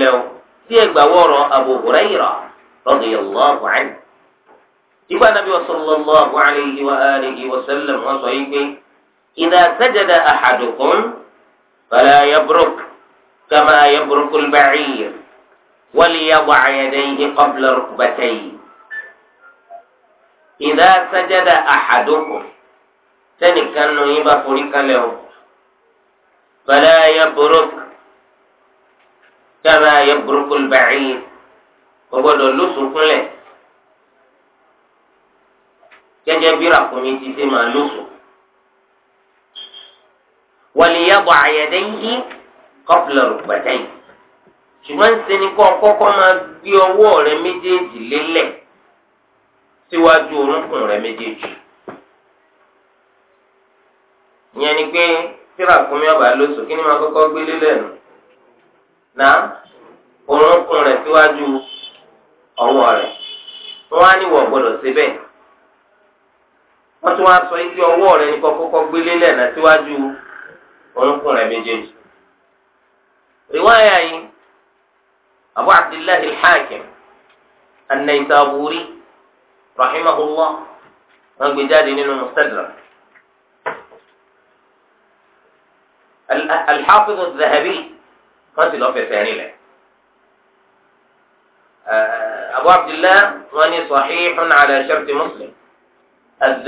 S1: lẹ́wọ̀ sí ìgbàwọ́ ọ̀rọ̀ Abu Hurayra radiyallahu anhu ìgbà nàbí wa sallallahu alayhi wa alihi wa sallam wọn sọ yìí pé idha sajada ahadukum fala yabruk kama yabruku al-ba'ir waliyada'a yadayhi qabla rukbatayhi idha sajada ahadukum sẹ́nìkan nù yín bá forí kalẹ̀ o fala yabruk kama yabruku al-ba'ir kò gbọdọ̀ lóṣù kúnlẹ̀. gẹ́gẹ́ bí ràkúnmí ti ṣe máa lóṣù. wàlíyàbọ̀ àyẹ̀dẹ́yìn kọ́pìlà rògbàdẹ́yìn ṣùgbọ́n ṣe ni kọ́ kọ́kọ́ máa gbé ọwọ́ rẹ méjèèjì lélẹ̀ síwájú orúnkún rẹ méjèèjì. ìyẹn ni pé tí ọba lóṣù kí ni máa kọ́kọ́ gbé lélẹ̀ nù na orúnkún rẹ síwájú ọwọ́ rẹ á síbẹ̀. wọ́n tún wá sọ ibi ọwọ́ rẹ̀ ní kọ́kọ́kọ́ gbélé lẹ́nà síwájú orúnkún rẹ̀ méjèèjì. riwaya yìí abu abdullahi al-hakim an-naysaburi rahimahullah wọ́n gbé jáde nínú mustadrak. al-hafiz az-zahabi wọ́n sì lọ́ọ́ fẹsẹ̀ rìn lẹ̀. abu abdullahi wọ́n ní az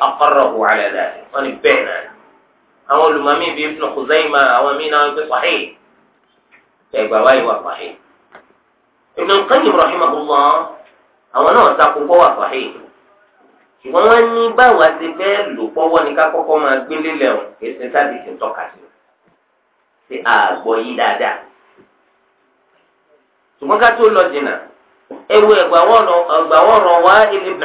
S1: أقره على ذلك dhalik أو ní bẹ́ẹ̀ خزيمة أو olùmọ̀mí bíi Ibn Khuzaima àwọn míì náà رحمه الله أو ẹgbà wáyé wà sahih Ibn Qayyim rahimahullah àwọn náà takò kọ́ wà sahih ṣùgbọ́n wọ́n ní báwa ti fẹ́ lò pọ́wọ́ ní ká kọ́kọ́ máa gbélé lẹ́wọ̀n èsì sáàdì ti ń tọ́ka sí ṣe àgbọ̀ yìí dáadáa. ṣùgbọ́n ká tó lọ jìnnà ewu ẹ̀gbàwọ̀rọ̀ wá ilé ibn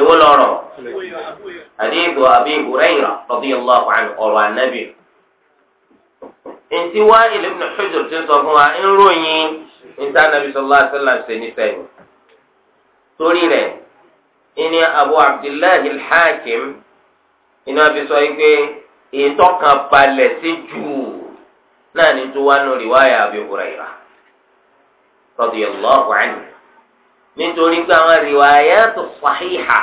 S1: èwo lọ̀rọ̀ àdéhùn àbí ìhùrẹ́yìnrà radiyallahu anhu ọ̀rọ̀ ànábì. ntí wá ilé ibn Hujr ti sọ fún wa ń ròyìn níta nàbí sallallahu alaihi wasallam ṣe ní sẹ́yìn. torí rẹ̀ ìní abu abdullahi al-hakim inú àbí sọ pé ìtọ́kàn balẹ̀ sí jù náà ní tó wá nù rìwáyà àbí ìhùrẹ́yìnrà radiyallahu anhu nítorí pé àwọn riwayatu sahiha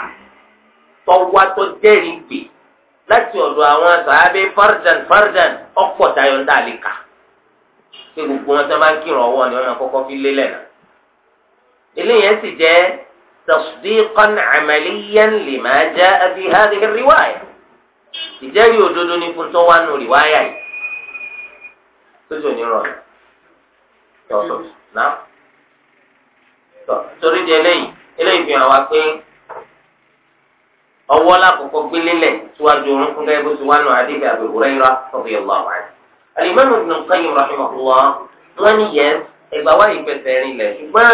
S1: tọ́wá tó jẹ́rìí gbè láti ọ̀dọ̀ àwọn sàábé fardan fardan ọ̀pọ̀ tayọ̀ ń dàlí kà pé gbogbo wọn tó máa ń kírun ọwọ́ ni wọ́n máa kọ́kọ́ fi lélẹ̀ náà. eléyẹn sì jẹ́ tasdiqan amaliyan lima jaa fi hadhihi riwaya ìjẹ́rìí òdodo ní fún tọ́wá nù riwaya yìí. sójú ò ní rọrùn. tọ́sọ̀ náà torí di eléyìí eléyìí fi hàn wá pé ọwọ́ lákòókò gbélélẹ̀ síwájú orun fún gẹ́gẹ́ bó ti wá nù àdébí Abu Hurairah radiyallahu anhu. Al-Imam Ibn Qayyim rahimahullah wọ́n ní yẹn ẹgbà wáyé pẹ̀sẹ̀ rìn lẹ̀ ṣùgbọ́n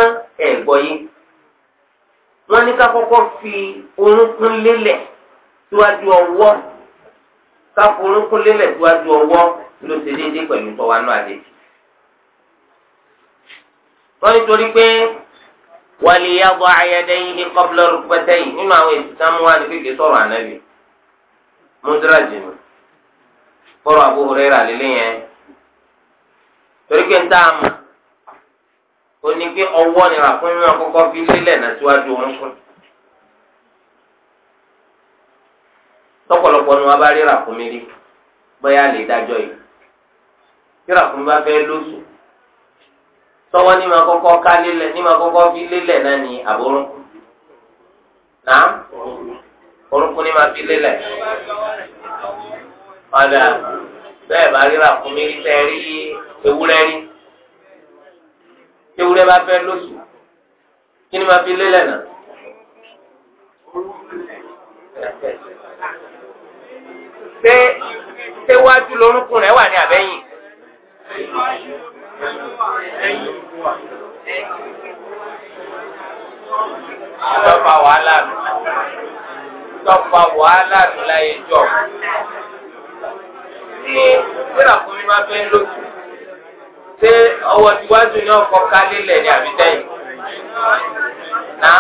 S1: ẹ̀gbọ́ yìí. wọ́n ní ká kọ́kọ́ fi orúnkún lélẹ̀ síwájú ọwọ́ ká fi orúnkún lélẹ̀ síwájú ọwọ́ ló ṣe déédéé pẹ̀lú tọ́wánú àdébí. wọ́n ní torí pé wàlíyàbọ̀ ya kọ́bílẹ̀ rúpẹ́tẹ́yìí nínú àwọn èsì sámúwá ni kéèké sọ̀rọ̀ ànábì mùdíràjì ni kọ́rọ̀ Abu Hurairah lílé yẹn torí pé ń tá a mọ̀ o ní pé ọwọ́ ni ràkúnmí àkọ́kọ́ fi lélẹ̀ náà síwájú orúnkún tọ́pọ̀lọpọ̀ ni wọ́n bá rí ràkúnmí rí bóyá lè dájọ́ yìí bá fẹ́ lóṣù. tọwọ́ ní ma kọ́kọ́ ká lélẹ̀ ní ma kọ́kọ́ fi lélẹ̀ náà ní àbórúnkún náà orúnkún ní ma fi lélẹ̀ ọ̀dà bẹ́ẹ̀ bá ríra fún mi rí tẹ́ rí ewúrẹ́ rí ewúrẹ́ bá fẹ́ lóṣù kí ni ma fi lélẹ̀ náà. ṣé ṣé wájú lórúnkún rẹ̀ wà ní àbẹ́yìn.
S2: Tọ́pa wàhálà nù.
S1: Tọ́pa wàhálà nù láyé jọ. Tí síra fún mi máa fẹ́ lóṣù. Ṣé ọwọ́ tiwájú ní ọkọ̀ kálílẹ̀ ní àbídẹ́yìn? Nàá.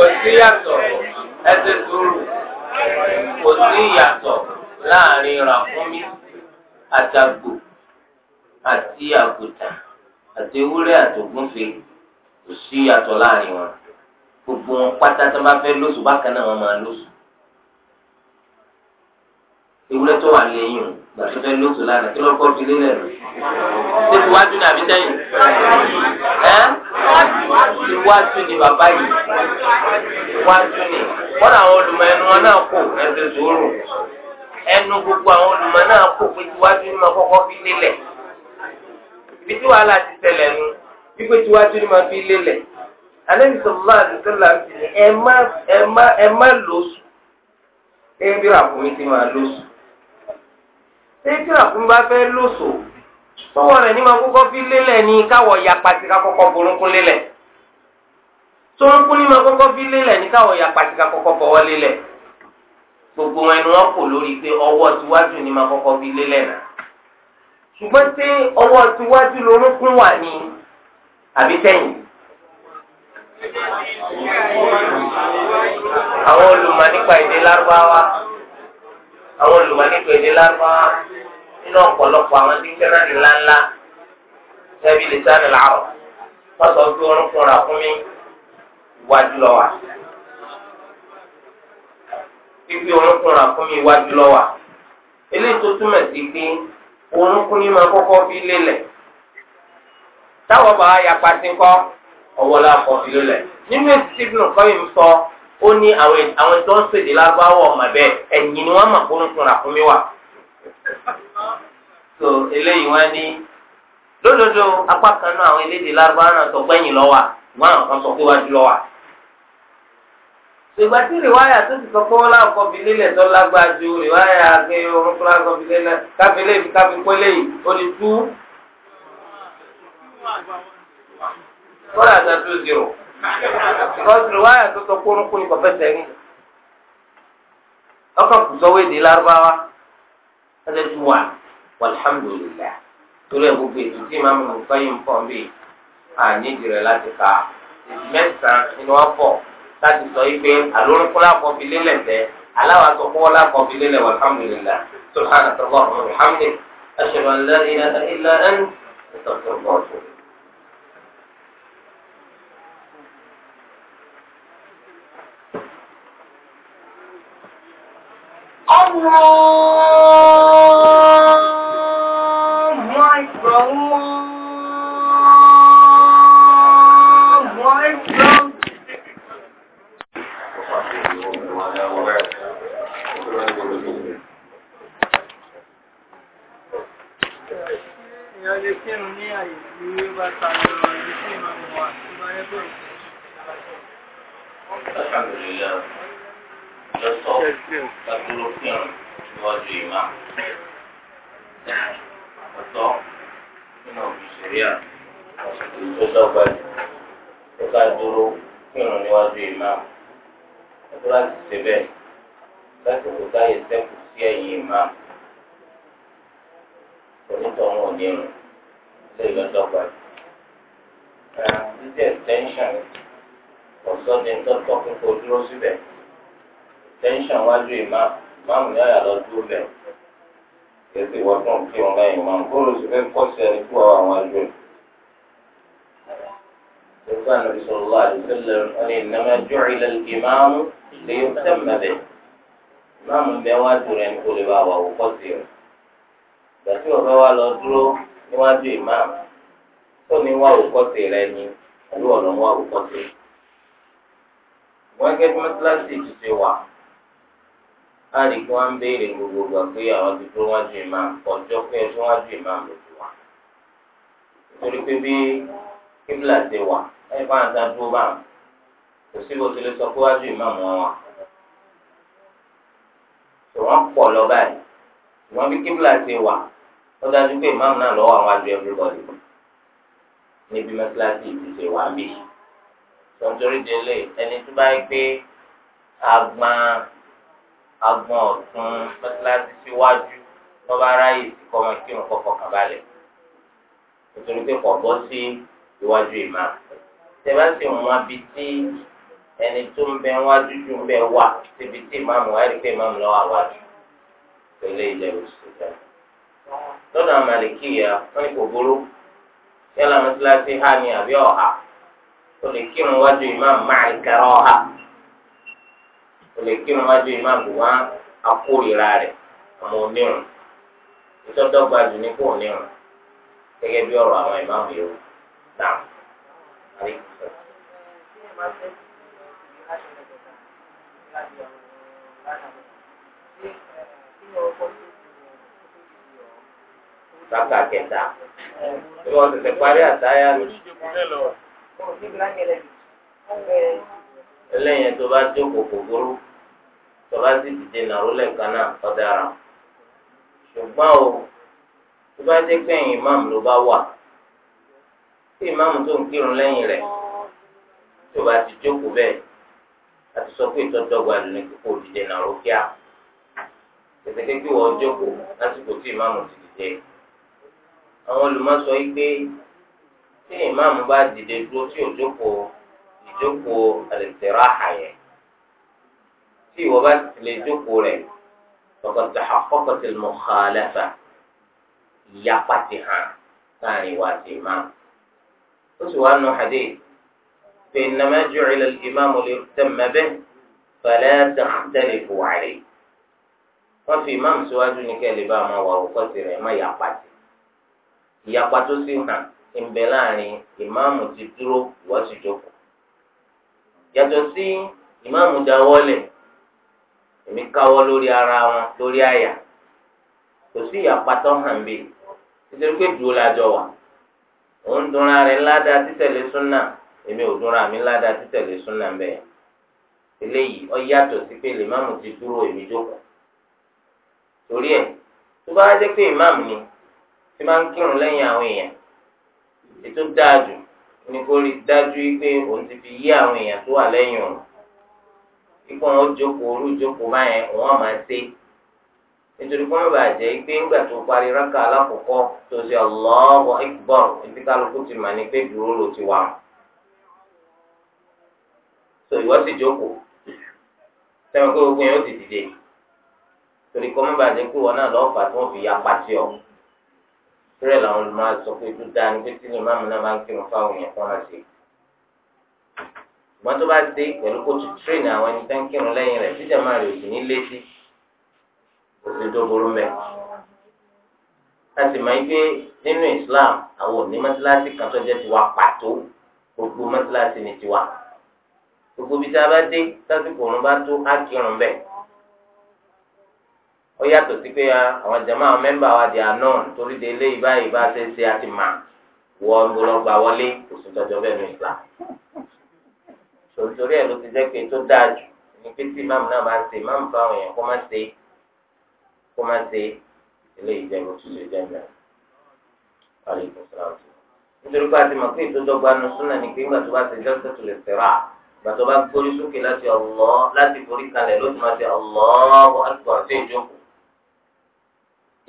S1: Kò sí yàtọ̀ ẹ ti sùúrù kò sí ìyàtọ̀ láàrin ràkúnmí àtàgbò àti àgùtà àti ewúrẹ́ àtògúnfe kò sí ìyàtọ̀ láàrin wọn gbogbo wọn pátá tó bá fẹ́ lóṣù bákan náà wọn máa lóṣù ewúrẹ́ tó wà lẹ́yìn o gbàtọ́ fẹ́ lóṣù lánàá kí lọ́kọ́ fi lélẹ̀ rẹ̀ ṣé iwájú ni àbí sẹ́yìn ẹ́ iwájú ni bàbá yìí iwájú ni. wọn àwọn olùmọ̀ ẹnu wọn náà kò ẹsẹ sòrò ẹnu gbogbo àwọn olùmọ̀ náà kò pé tiwájú ni máa kọ́kọ́ fi lélẹ̀ ibi tí wàhálà ti tẹ́lẹ̀ nu wípé tiwájú ni máa fi lélẹ̀ alẹ́ ìsọ̀rọ̀ àdìsọ́là ẹ má ẹ ya pàtí ká burúkú tó ń kú ní ma kọ́kọ́ fi lélẹ̀ ní káwọn ya pàtìkà kọ́kọ́ fọwọ́ lélẹ̀ gbogbo wọn ni wọn kò lórí pé ọwọ́ tiwájú ni ma kọ́kọ́ fi lélẹ̀ náà ṣùgbọ́n tí ọwọ́ tiwájú lorúnkún wà ní àbí sẹ́yìn.
S2: àwọn olùmọ̀ nípa èdè
S1: lárúbáwá àwọn olùmọ̀ nípa èdè lárúbáwá nínú ọ̀pọ̀lọpọ̀ àwọn díkẹ́rẹ́nì ńláńlá ṣẹ́bi lè sáré làárọ̀ wọ́n sọ pé orúnkún rà fún mi. iwájú lọ́wà pípé orúnkún ràkún mi iwájú lọ́wà eléyìí tó túmọ̀ sí pé orúnkún ní máa kọ́kọ́ fi lélẹ̀ táwọn bá ya pati ńkọ́ ọwọ́ la kọ́ fi lélẹ̀ nínú èsì tí ibùdó kọ́ yìí ń sọ ó ní àwọn ń ṣèdè lágbáwọ̀ ni so eléyìí wọ́n ní lódodo apá kan náà àwọn elédè lágbáwọ̀ náà sọ ṣùgbọ́n àwọn kan sọ pé wájú lọ́wọ́ ìgbà tí rìwáyà tó ti sọ pé wọn láǹkọ fi lélẹ̀ tó lágbára ju rìwáyà àgbẹ orun tó láǹkọ fi lélẹ̀ káfí léyìí káfí pélé yìí ó lè tú kọ́lá àti àti òzìrò kọ́sì rìwáyà tó sọ pé orúnkún ni kò fẹsẹ̀ ń ọkàn kù sọ wéde lárúbáwá ẹsẹ̀ tún wà wàlhámdùlélà torí ẹ̀ gbogbo ètò tí màmú nǹkan yìí ń pọ̀ ń aniji ẹ̀ rẹ̀ láti mẹ́ta á mẹ́sàn-án nínú ọ̀pọ̀ láti sọ yìí pé àlórúkọ lápọ̀ fi lélẹ̀ tẹ́ aláwa tó kọ́ lápọ̀ fi lélẹ̀ wà alhamdulilá tó hàn àtọ́gbọ́n ọ̀hún alhamdulilá ẹ̀ṣẹ̀ wọn lẹ́yìn ilẹ̀ ẹ̀ń ìtọ́jú ọ̀gbọ́n
S2: Allah
S1: jẹun ṣé ìlú ń dọ́gba yìí. títí extension ọ̀sọ́ ni ń tọ́tọ́ kíkó dúró síbẹ̀ extension wájú ìmáà máàmù ní àyà lọ dúró bẹ̀ kẹsì wọ́n tún kí wọn lẹ́yìn máàmù bóòlù sì fẹ́ kọ́ sí ẹni fún àwọn àjọ yìí. يقول النبي صلى الله عليه وسلم إنما جعل الإمام ليتم به. إمام بواجر يقول بابا وقصير gbàtí ọ̀fẹ́ wa lọ dúró níwájú ìmáàmù tó ní wá òkọ́tì rẹ ni pẹ̀lú ọ̀nà wá òkọ́tì. wọ́n gẹ́gẹ́ mọ́tíláṣí ìtúsí wa a rí kí wọ́n ń béèrè gbogbo gbà pé àwọn ti dúró wájú ìmáàmù ọjọ́ pé ẹjọ́ wájú ìmáàmù ló ti wá. nítorí pé bí kíbla ti wà ẹ̀ bá ń ta dúró bá kò sí bó ti lè sọ pé wájú ìmáàmù wọn wà. tòwọ́n pọ̀ lọ báyìí ìwọ́n bí kíbla ti wà ó dájú pé ìmáàmù náà lọ́wọ́ àwọn àjọ everybody níbi mẹ́tíláṣí ti ṣe wà bí. sọ̀tọ́rí délé ẹni tó bá yẹ pé agbọn agbọn ọ̀tún mẹ́tíláṣí síwájú lọ́ba ráyè sí kọ́mọ kí òun kọ́kọ́ kàn balẹ̀ nítorí pé kò bọ́ sí iwájú ìmá. tẹ̀bá sì wọ́n bí tí ẹni tó ń bẹ wájú ju ń bẹ wà síbi tí ìmáàmù wáyé pé ìmáàmù lọ́wọ́ àwájú. pẹ̀lú ìjẹ̀bù síta. lọ́dọ̀ àmàlìkìyà wọ́n ní kò burú yálà ha ni àbí ọ̀hà o lè kírun wájú ìmáàmù máàlì kẹrọ ọ̀hà o lè kírun wájú ìmáàmù wá akórira rẹ̀ àmọ́ onírun ìtọ́dọ́gba jù ní kò onírun gẹ́gẹ́ bí ọ̀rọ̀ àwọn ìmáàmù yòó rákà keta, bí wọ́n tètè parí àtáyà mi. eléyìí tó bá jókòó kòkòrò tó bá sì dìde nàró lẹ́ẹ̀kan náà ọ̀daràn ṣùgbọ́n o tó bá dé pẹ́yìn ìmáàmù ló bá wà tí ìmáàmù tó ń kírun lẹ́yìn rẹ̀ tó bá ti jókòó bẹ́ẹ̀ àti sọ pé ní dìde nàró kíá kékeré wọ́n àwọn olùmọ̀sọ yìí pé tí ìmáàmù bá dìde dúró tí ò jókòó ìjókòó àlèsèrè àhàyẹ tí ìwọ bá ti lè jókòó rẹ̀ tọkọtà àkọkọtà mọ̀kàlẹ́fà ìyapa ti hàn láàrin wa ti ìmáàmù. ó sì wá nù hadith pé innama ju'ila al-imamu liyutamma bihi fala tahtalifu alayhi. wọ́n fi ìmáàmù síwájú ní kẹ́lẹ́ bá máa wà òkọ́ tirẹ̀ má yapa ti. ìyapa tó sì hàn ń láàrin ìmáàmù ti dúró ìwọ sì jókòó yàtọ̀ sí ìmáàmù dáwọ́lẹ̀ èmi káwọ́ lórí ara wọn lórí àyà kò sí ìyapa tó hàn bẹ́ẹ̀ nítorí pé dúró lájọ wà òun dunra rẹ̀ ládàá títẹ̀lé súnà èmi ò dunra mi títẹ̀lé súnà eléyìí yàtọ̀ sí pé ti dúró èmi jókòó torí ni. tí máa ń kírun lẹ́yìn àwọn èèyàn ètò dáàjù ní kó rí dájú pé òun ti fi yí àwọn èèyàn tó wà lẹ́yìn òun ikú wọn jókòó orú jókòó báyẹn òun àmà ṣe nítorí kó má bàa jẹ́ pé ńgbà tó parí rákà alákọ̀ọ́kọ́ tó ṣe Allahu Akbar ibi kálukú ti mà ní pé dúró ló ti wà. tó ìwọ sì jókòó sẹ́wọ̀n pé ogun yẹn ó ti dìde torí kó má bàa jẹ́ pé wọn náà lọ́ọ́ fà tí wọ́n fi ya pàṣẹ ọ̀ bẹ́ẹ̀ làwọn olùmọ̀ọ́ sọ pé tó dáa ní pé tí ní ìmáàmù náà bá ń kírun fáwọn èèyàn kan máa ṣe. ìgbọ́n tó bá dé pẹ̀lú kó tu tírèn àwọn ẹni tó ń kírun lẹ́yìn rẹ̀ tíjà máa rè ní létí òsì tó burú mẹ́. a sì máa ń gbé nínú Islam àwọn òní mọ́sálásí kan tó jẹ́ tiwa pàtó gbogbo mọ́sálásí ni tiwa. gbogbo ibi tá a bá dé sásìkò òun bá tó á kírun bẹ́ẹ̀ ó yàtọ̀ sí pé àwọn jama àwọn mẹ́mbà wa di àná torí de ilé ibà ibà ṣe ṣe àti mà wọ ọgbọlọgba wọlé kò sí tọjọ bẹ́ẹ̀ ní ìgbà torí ẹ ló ti jẹ́ pé tó dáa jù ní pé tí máàmù náà bá ń ṣe máàmù fáwọn èèyàn kó má ṣe kó má ṣe ilé ìjẹun tó ṣe jẹ mẹ́rin wàlẹ ìfọsọláwọsọ nítorí pé àti màkú ìtọjọgba nu súnà ní pé ńgbà tó bá ṣe jẹsẹ tó lè fẹrà ìgbà tó bá gbórí sókè láti ọlọ láti forí kalẹ̀ ló máa ṣe ọlọ àtúbọ àti ìjókòó.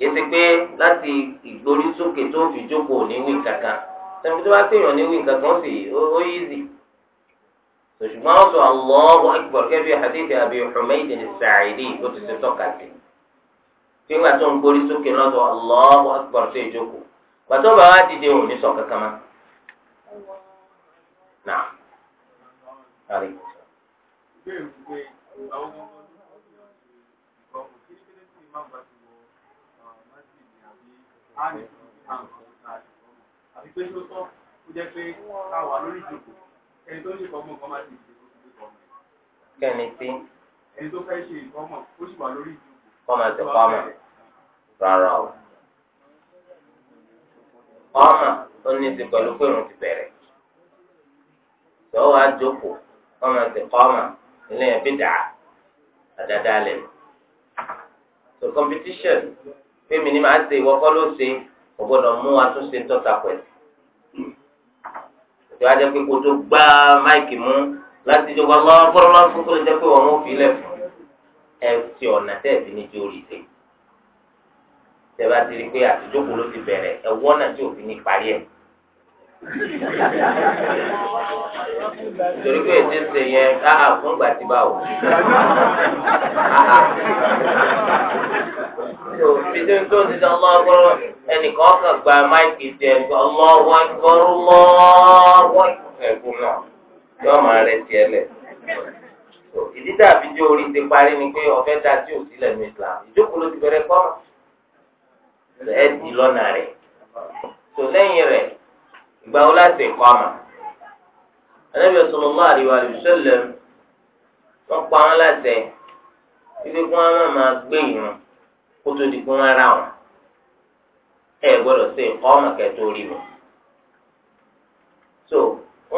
S1: kìí pé láti ìgbórí tó fi jókòó ní wí kankan tẹ̀mí tó bá pèèyàn ní wí kankan sì ó yízì ṣùgbọ́n ó sọ Allahu akbar kẹ́bí hadith Abi Humayd as-Sa'idi ó ti ṣe tọ́ka sí i nígbà tó ń gbórí lọ́dọ̀ Allahu akbar tó ìjókòó pàtó bá wá dìde òun ní sọ kankan mọ́. Náà.
S2: á ní ká nǹkan ká ṣe fún ọmọ àti pé tó tọ́ ó jẹ́ pé ká wà lórí ìjókòó ẹni tó ṣe kọ́ mọ́ nǹkan má ti ṣe tó ṣe kọ́ mọ́.
S1: kẹ́ni tí. ẹni tó fẹ́ ṣe nǹkan mọ̀ ó sì wà lórí ìjókòó. kọ́ máa ti kọ́ mọ̀ rárá o. ọmọ tó ní ti pẹ̀lú pé òun ti bẹ̀rẹ̀ tọ́wọ́ àjókòó ọmọ ti kọ́ mọ̀ ilé ẹ̀ bí dàá àdáadáa lẹ̀ so competition pé mi ni màá ṣe ìwọ kọ́ ló ṣe kò gbọ́dọ̀ mú àtúnṣe ń tọ́ta pẹ̀lú. ìjọ ajẹ́ pé kó tó gbá máìkì mú láti jọba lọ́wọ́ fọ́lọ́lá fún kó lè jẹ́ pé wọ́n mú fi lẹ̀ fún ẹ ti ọ̀nà tẹ́ ẹ̀ fi ní jó rí ṣe. ìjọba ti rí pé àtijọ́kù ló ti bẹ̀rẹ̀ ẹ wọ́nà tí òfin ní parí ẹ̀.
S2: torí pé ètò ìṣe yẹn
S1: káà fún gbàtí báwò títí tó ti di ọlọ́gbọ́rọ́ ẹnìkan kan gba máìkì ti ẹ̀gbọ́n ọlọ́wọ́ ẹgbọ́rú lọ́wọ́ ẹ̀gbọ́n náà yóò máa rẹ tiẹ̀ lẹ̀. ìdí dàbí tí orí ti parí ni pé ọ̀fẹ́ da tí ò sílẹ̀ ní Islam ìjókòó ló ti bẹ̀rẹ̀ kọ́ ẹ̀ dì lọ́nà rẹ̀ tó lẹ́yìn rẹ̀ ìgbà wo láti ẹ̀kọ́ àmà Ànábì sallallahu alaihi wasallam wọ́n pa wọn láti ibi kí wọ́n máa gbé ìran kó tó di pé wọ́n ra wọn ẹ gbọ́dọ̀ ṣe nǹkan ọmọ kẹtó rí wọn. so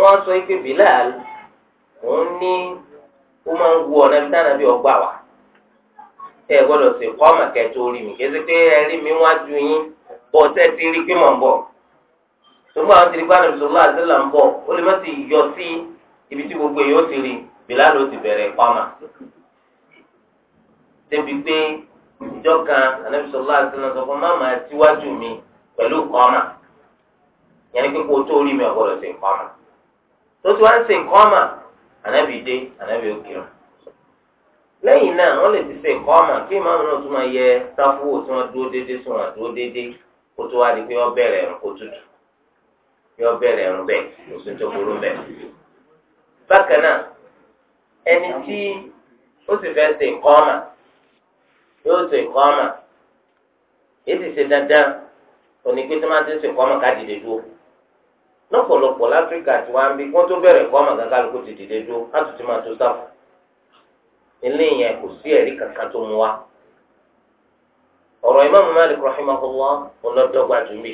S1: wọ́n sọ pé Bilal òun ní ó máa ń wu ọ̀nà bí táwọn àbí ọgbà wà ẹ gbọ́dọ̀ ṣe nǹkan ọmọ kẹtó rí mi kí ẹ ṣe pé ẹ rí mi wájú yín bọ́ ọ̀tẹ́ ti rí pé mò ń bọ̀ ṣùgbọ́n àwọn tìrìbá nàbì sallallahu alaihi wasallam ń bọ̀ ó lè má ti yọ sí ibi tí gbogbo èèyàn ti rí Bilal ó ti bẹ̀rẹ̀ pamọ́ débi pé ìjọ kan anábìsọ̀lá àti nàzọ̀kọ̀ má máa tiwájú mi pẹ̀lú kọ́mà yẹn ni pé tó rí mi ọ̀gbọ́dọ̀ sí si tó ti wá ń sìn kọ́mà anábì dé anábì ó kírun lẹ́yìn náà wọ́n lè ti sìn kọ́mà kí ìmáàmù náà tún máa yẹ sáfù tí wọ́n dúró déédéé tí dúró déédéé kó tó wá di pé wọ́n bẹ̀rẹ̀ ẹ̀rùn kó tutù yọ bẹ̀rẹ̀ ẹ̀rùn bẹ́ẹ̀ kò sí tó burú bákan náà ẹni tí ó sì fẹ́ yóò ṣe nǹkan ọmọ èyí ti ṣe dandan òní pé tó ti ṣe nǹkan ká dìde dúró lọ́pọ̀lọpọ̀ láfíríkà tí wọ́n á bí wọ́n tó bẹ̀rẹ̀ kọ́ ọmọ kankan lóko ti dìde dúró ti máa tó sáfù ilé yẹn kò sí ẹ̀rí kankan tó mu wa ọ̀rọ̀ Imam Malik rahimahullah ọlọ́dọ́gba tó mi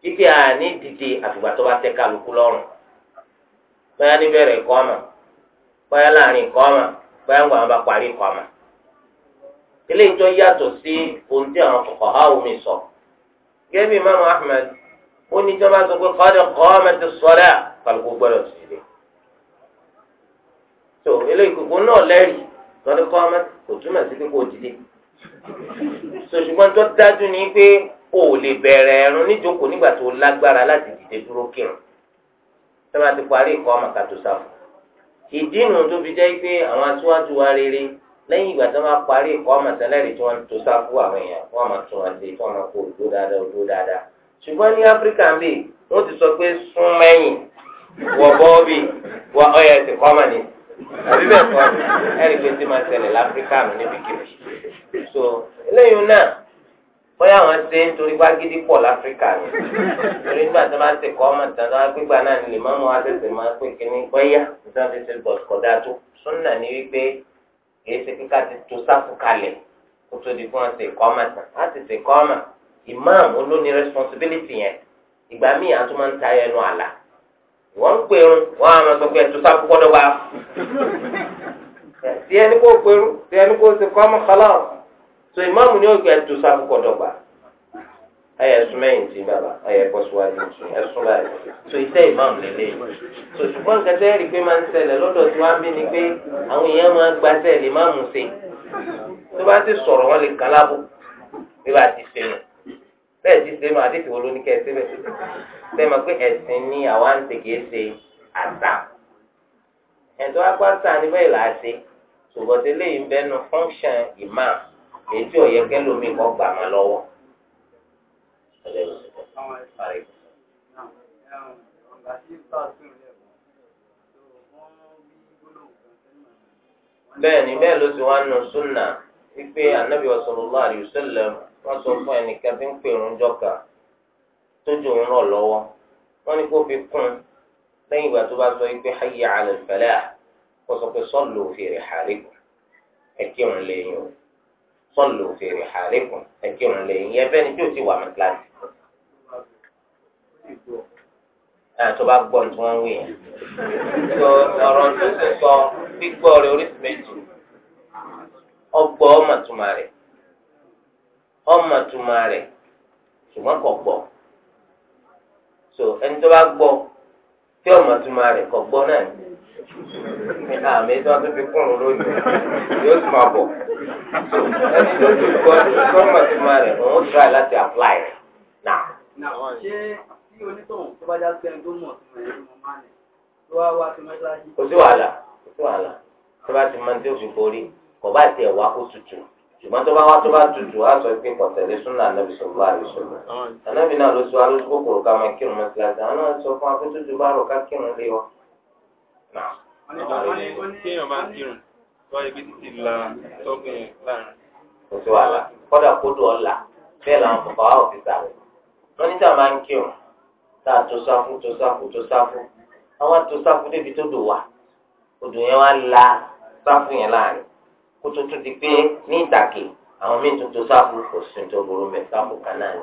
S1: kíkẹ́ àní dìde àfìgbà tó bá tẹ́ kálukú lọ́rùn báyà báyà láàrin báyà ń eléyìí tó yàtọ̀ sí ohun tí àwọn kọ̀kọ̀ ha omi sọ. gẹ́bí imaamu ahmed ó ní tí wọ́n bá sọ pé qad qamati s-salah kálukú gbọ́dọ̀ sí ilé. tó eléyìí kòkó náà lẹ́rìí qad qamati kò túmọ̀ sí pé kò dìde. sòṣùgbọ́n tó dájú ni pé o ò lè bẹ̀rẹ̀ ẹ̀rùn níjókòó nígbà tó lágbára láti dìde dúró kírun. ẹ ti parí ìkọ́ lẹ́yìn ìgbà tí wọ́n máa parí ẹ̀kọ́ màtẹ́lẹ́rì tí wọ́n tó sáfù àwọn èèyàn wọ́n máa tún wọn ṣe tí wọ́n máa kó òdó dáadáa òdó dáadáa ṣùgbọ́n ní áfíríkà ń bè wọ́n ti sọ pé sún mẹ́yìn wọ bọ́ọ̀bì wọ ọyẹ ti kọ́ màní àbí bẹ́ẹ̀ kọ́ ẹ̀rí pé tí máa ṣẹlẹ̀ láfíríkà nù níbikíbi so eléyìí náà bóyá wọn ṣe ń torí wá gidi pọ̀ láfíríkà ni torí nígbà tí wọ́n bá ṣe kọ́ ọmọ ìtàn náà gbígbà náà ni lè má mú wa tẹ̀sẹ̀ máa pé kínní bóyá kìí ṣe kíkà ti tó sáfù kalẹ̀ kó tó di kó wọn ṣe kọ́ ọmọ tán á sì ṣe kọ́ ọmọ imam olóni responsibility yẹn ìgbà míì àti máa ń ta ẹnu àlà wọ́n ń pèrún wọ́n á máa sọ pé ẹ̀tún sáfù kọ́ dọ́gba tí ẹni kó pèrún tí ẹni kó ṣe kọ́ ọmọ kọ́lá tó imam ni ó gbé ẹ̀tún sáfù kọ́ dọ́gba ẹyẹ ẹsùn mẹyìn tì bàbá ẹyẹ ẹkọ síwájú ẹsùn báyìí tó iṣẹ ìmáàmù lélẹ tó ṣùgbọ́n nǹkan tẹ́ rí pé máa ń ṣẹlẹ̀ lọ́dọ̀ tí wọ́n á bí ni pé àwọn èèyàn máa gba sẹ́ẹ̀lì máàmù ṣe tó bá ti sọ̀rọ̀ wọn lè kàn lábò bí bá ti ṣe nù bẹ́ẹ̀ se ṣe nù àdéhùn wo ló ní kẹ́ ẹ síbẹ̀ bẹ́ẹ̀ máa pé ẹ̀sìn ni àwa ń ṣe kìí ṣe àṣà ẹ̀tọ́ apá sáà ní bẹ́ẹ̀ là á ṣe ṣùgbọ́n bẹ́ẹ̀ ni bẹ́ẹ̀ ló ti wá nù súnà wípé anabi wa sallallahu alayhi wa sallam wọ́n sọ fún ẹnìkan tí ń pè ń jọ́ka tójú ń rọ̀ lọ́wọ́ wọ́n ní kó fi kún lẹ́yìn ìgbà tó bá sọ wípé hayya ala al falah kó sọ pé sallu fi rihalikum ẹ̀kí òun lè yàn sọlù fèrè àlékún ẹkẹrùn lẹ́yìn yẹn fẹni tí o ti wà mẹtìláàsì. tó bá gbọ́ tí wọ́n ń wí yẹn tó ọ̀rọ̀ tó ti sọ gbígbọ́ rẹ̀ oríṣi méjì ọgbọ́ ọmọtúmọ̀ rẹ̀ ọmọtúmọ̀ rẹ̀ ṣùgbọ́n kò gbọ́ so ẹni tó bá gbọ́ tí ọmọ túmọ̀ rẹ̀ kọ̀ gbọ́ náà ní àmì tí wọ́n tún fi kúrò lónìí yóò tún máa bọ̀ ẹni tó tún gbọ́ tí ọmọ túmọ̀ rẹ̀ òun try láti apply rẹ̀ náà.
S2: ṣé tí onítọ̀hún tó bá já sí ẹni tó mọ̀ sí ẹni tó mọ̀ máa nì tó wá wá sí mẹ́tíláṣí. kò sí wàhálà
S1: kò sí wàhálà tó bá ti máa ń tí ó fi borí kò bá tiẹ̀ wá kó tutù ṣùgbọ́n tó bá wá tó bá tutù á sọ pé pọ̀tẹ́lẹ̀ súnà ànábì sọ̀rọ̀ àìsọ̀rọ̀ ànábì náà ló sọ alóṣù kòkòrò ká máa kírun mọ́síláṣí àwọn náà sọ fún akótó tó bá rò ká kírun lé wa. kò sí wàhálà kọ́dà kódò ọ̀la bẹ́ẹ̀ làwọn bàbá wa ò fi sàrẹ̀ wọ́n ní sáà máa ń kírun tá a tó sáfù tó sáfù tó sáfù àwọn tó sáfù débi tó dò wá odò yẹn wá la sáfù yẹn láàrin kó tuntun di pé ní ìdàkè àwọn míì tuntun sáfù kò sí tó burú mẹ sáfù kan náà ni.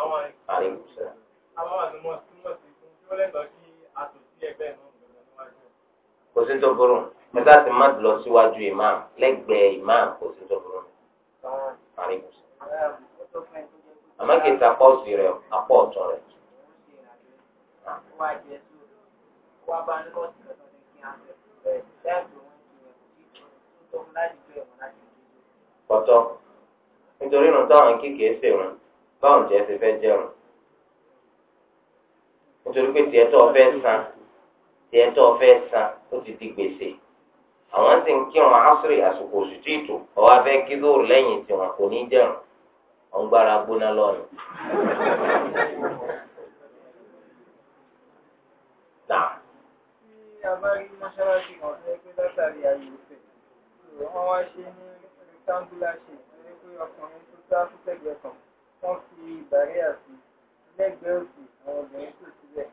S1: àwọn
S2: àlùmọ̀ tí wọ́n ti fún kí wọ́n lẹ́tọ̀ọ́ kí a tò sí ẹgbẹ́ náà níwájú.
S1: kò sí tó burú mẹ́ta ti má lọ síwájú imam lẹ́gbẹ̀ẹ́ imam kò sí tó burú mẹ. àmọ́ kì í ta pọ́ọ̀sì rẹ̀ apọ̀ ọ̀tún rẹ̀. wọ́n
S2: á jẹ́ sí wọ́n á bá ní lọ́sì
S1: pọ̀tọ́ nítorí irun táwọn kékeré eseru báwọn jẹ́ ṣe fẹ́ jẹun nítorí pé tiẹ̀ fẹ́ san tiẹ̀ fẹ́ san ó ti di gbèsè àwọn ti ń àsìkò oṣù tí ọwọ́ afẹ́ kí lóòrù lẹ́yìn tiwọn kò ní jẹun gbára gbóná lọ́nu.
S2: wọ́n wá ṣe ní rectangular shape torí pé ọkùnrin tó sá fún tẹ̀gbẹ́ kan wọ́n fi bàárẹ̀ àti lẹ́gbẹ̀ẹ́ òsì àwọn obìnrin tó sílẹ̀.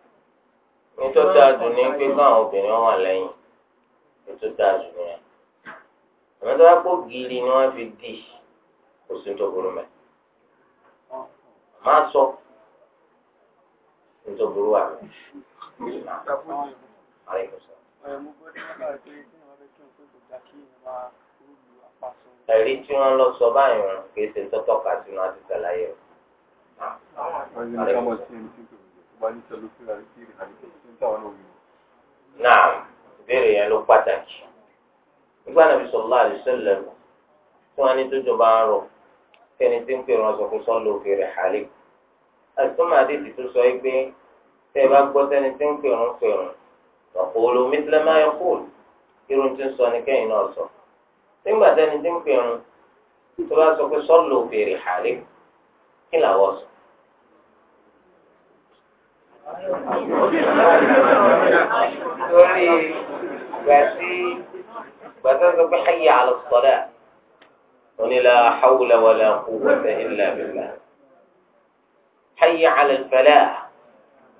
S1: ní tó dáa jù ní pé káwọn obìnrin wà lẹ́yìn ní tó dáa jù nìyẹn àmọ́ tó bá pò gírí ni wọ́n fi dì kò sí tó mẹ́. máa sọ ní wà mí ẹ̀rí tí wọ́n lọ sọ báyìí wọn kì í ṣe ah. ń tọ́tọ́ ka sínú àti sàlàyé o. náà ìbéèrè yẹn ló pàtàkì nígbà náà fi sọ̀rọ̀ láàrin sẹ́lẹ̀ lọ tí wọ́n á ní tó jọba ń rọ̀ kẹ́ni tí ń pè wọn sọ fún sọ́ọ̀lù òkèèrè àlè. àtúntò àdéhìí tó sọ pé tẹ́ ẹ bá gbọ́ sẹ́ni tí ń pè wọn pè wọn ọ̀pọ̀ olómi yọ kóòlù. irun tí ń sọ ní kẹ́yìn náà sọ nígbà tẹ́ni tí ń pè irun tó bá sọ pé sọ́ọ̀lù òbèrè hàlẹ́ kí làwọ̀ sọ. torí ìgbà tí ìgbà tí wọ́n sọ pé hayya ala salat òní la hawla wala quwwata illa billah hayya ala al-falah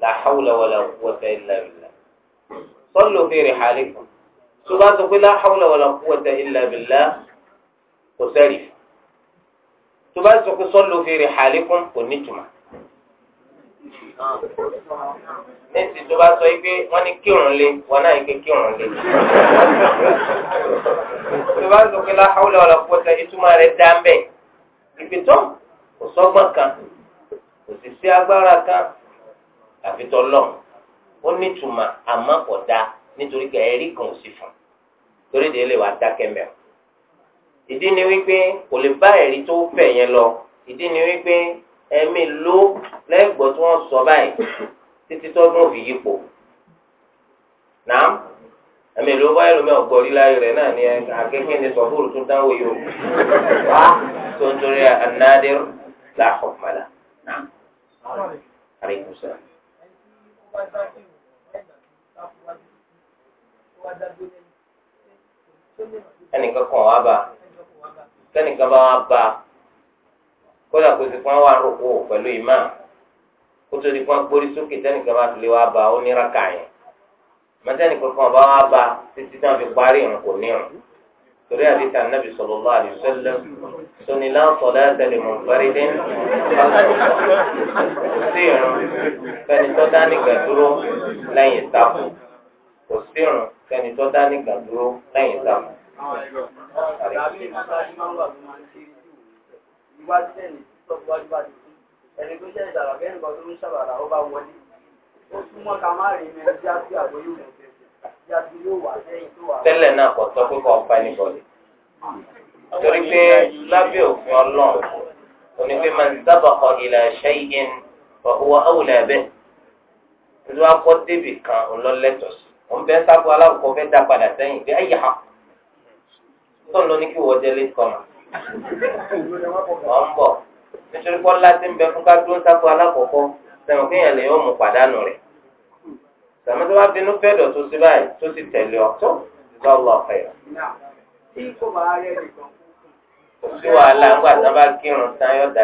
S1: la hawla wala quwwata illa billah sallu fi tó bá sọ pé la hawla wala quwwata illa billah kò sẹ́rì tó bá sọ pé sallu fi rihalikum kò nítumọ̀ nísì tó bá sọ pé wọ́n ní kírun lé wọn náà ké kírun lé tó bá sọ pé la hawla wala quwwata rẹ̀ dá ń bẹ̀ kò sọ́gbọ́n kan kò sì sí agbára kan àfitọ́ lọ́n ó nítumọ̀ àmọ́ kò dáa nítorí kẹ́ ẹ̀rí kan ò sí fún torí de lè wà dákẹ́ mẹ́ o ìdí ni wípé kò lè bá ẹ̀rí tó fẹ̀ yẹn lọ ìdí ni wípé ẹ̀mí ló lẹ́gbọ̀ọ́ tí wọ́n sọ báyìí títí tọ́dún òfin yípo nàám ẹ̀mí ló bá ẹlòmí ọ̀gbọ́n rí láyé rẹ̀ náà ní akẹ́kẹ́ ní sọ́fóòrù tún dáwọ́ yìí o wá tó ń torí anádìr làkọ̀ mọ́lá nàám àríkùsọ̀. Thank ẹnìkan kan wá bá kẹ́nìkan bá wá bá kódà kó ti fún wa rògbò pẹ̀lú ìmá kó tó di fún agbórí sókè tẹ́nìkan bá tilé wá bá ó ní rákà mọ́tẹ́nìkan kan bá wá bá títí náà fi parí ìrìn kò ní ìrìn torí àdìsá nàbì sallallahu alaihi wasallam sọni láǹfọ láǹtẹlẹ mọ fẹrẹdẹ sí irun fẹni tó dání gbẹdúró lẹ́yìn sáfù kò sí irun kẹ́ni tó dá nìkan dúró lẹ́yìn sáfù.
S2: ẹni tó ṣe ìdàgbà bẹ́ẹ̀ nìkan tó ń ṣàbàrà ó bá wọlé ó súnmọ́ ká má rí mẹ́rin a ti àgbóyò lọ́sẹ̀ tẹ́lẹ̀ náà kò sọ pé kò ọ̀pá
S1: níbọ̀lì. torí pé lábẹ́ òfin ọlọ́run òní pé máa ń sábàkọ ìlà ṣẹ́yìn ọ̀húwà ọ̀húnlẹ̀ ẹ̀bẹ̀. ìlú akọ́ débì kan ọlọ́lẹ́tọ̀sí. òun bẹ sábò aláwùkọ fẹ dá padà sẹ́yìn pé ha tó ń lọ ní kí wọ́n jẹ late comer wọ́n ń bọ̀ nítorí pọ́ láti ń bẹ fún ká dúró sábò alákọ̀ọ́kọ́ sẹ́wọ̀n kéèyàn lè yọ̀ mú pàdánù rẹ̀ sàmúlò wá bínú fẹ́dọ̀ tó ti báyìí tó ti tẹ̀lé ọ̀tọ́ ìgbà ọ̀fẹ́ kò
S2: sí wàhálà ńgbà tó bá kírun
S1: tán yóò dá